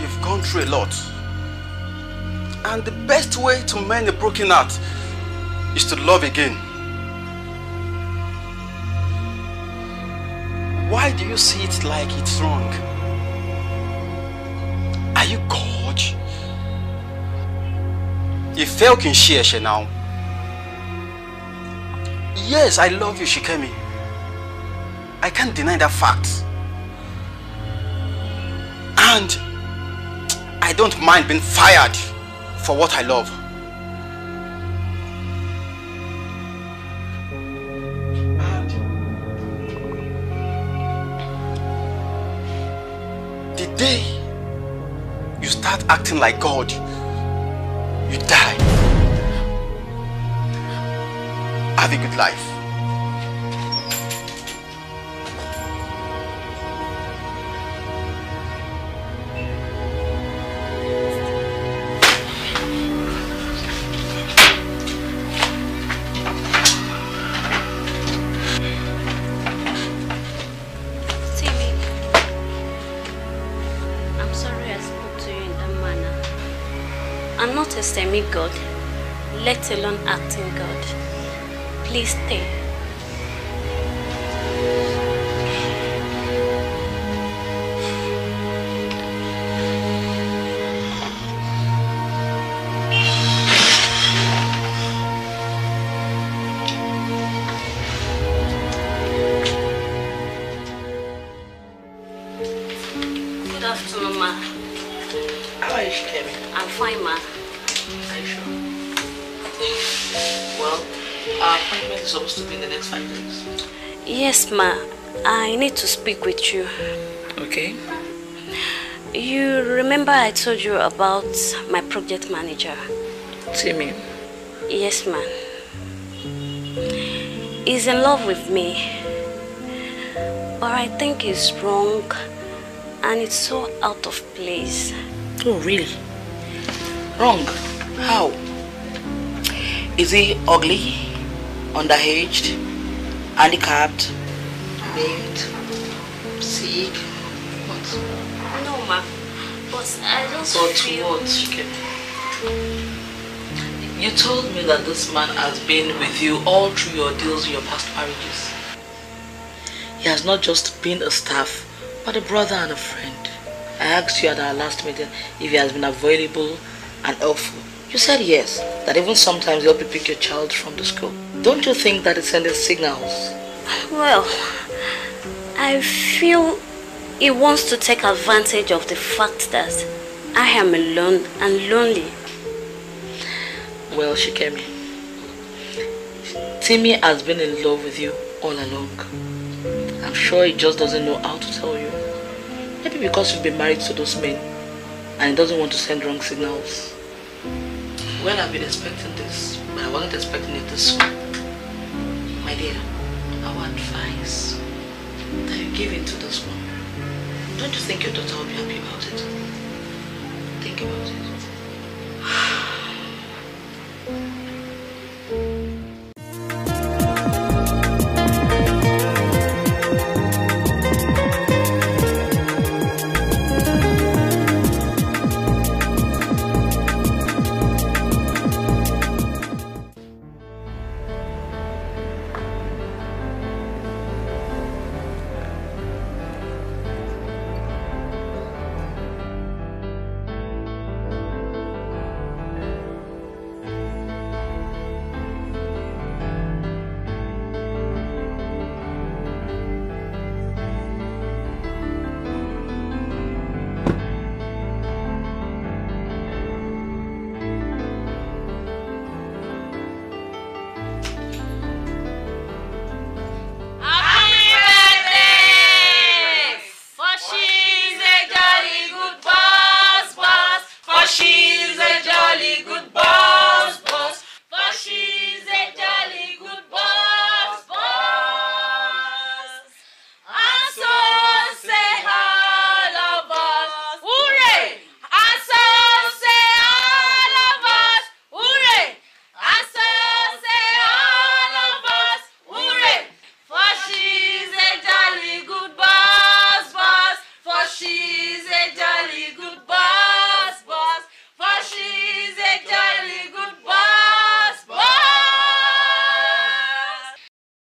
you've gone through a lot. And the best way to mend a broken heart is to love again. Why do you see it like it's wrong? Are you God? you ò kì í ṣe Yes, I love you, Shikemi. I can't deny that fact. And I don't mind being fired for what I love. the day you start acting like God, you die. Have a good life. semi-God, let alone acting God. Please stay. Ma, I need to speak with you. Okay. You remember I told you about my project manager? Timmy. Yes, ma'am. He's in love with me. But I think he's wrong and it's so out of place. Oh, really? Wrong? How? Is he ugly, underaged, handicapped, named What? No, ma. But I just but feel... what? Chicken? You told me that this man has been with you all through your deals with your past marriages. He has not just been a staff, but a brother and a friend. I asked you at our last meeting if he has been available and helpful. You said yes, that even sometimes you help you pick your child from the school. Don't you think that it sending signals? Well, I feel he wants to take advantage of the fact that I am alone and lonely. Well, Shikemi, Timmy has been in love with you all along. I'm sure he just doesn't know how to tell you. Maybe because you've been married to those men and he doesn't want to send wrong signals. Well, I've been expecting this, but I wasn't expecting it this soon. My dear, our advice that you give into this one. Don't you think your daughter will be happy about it? Think about it.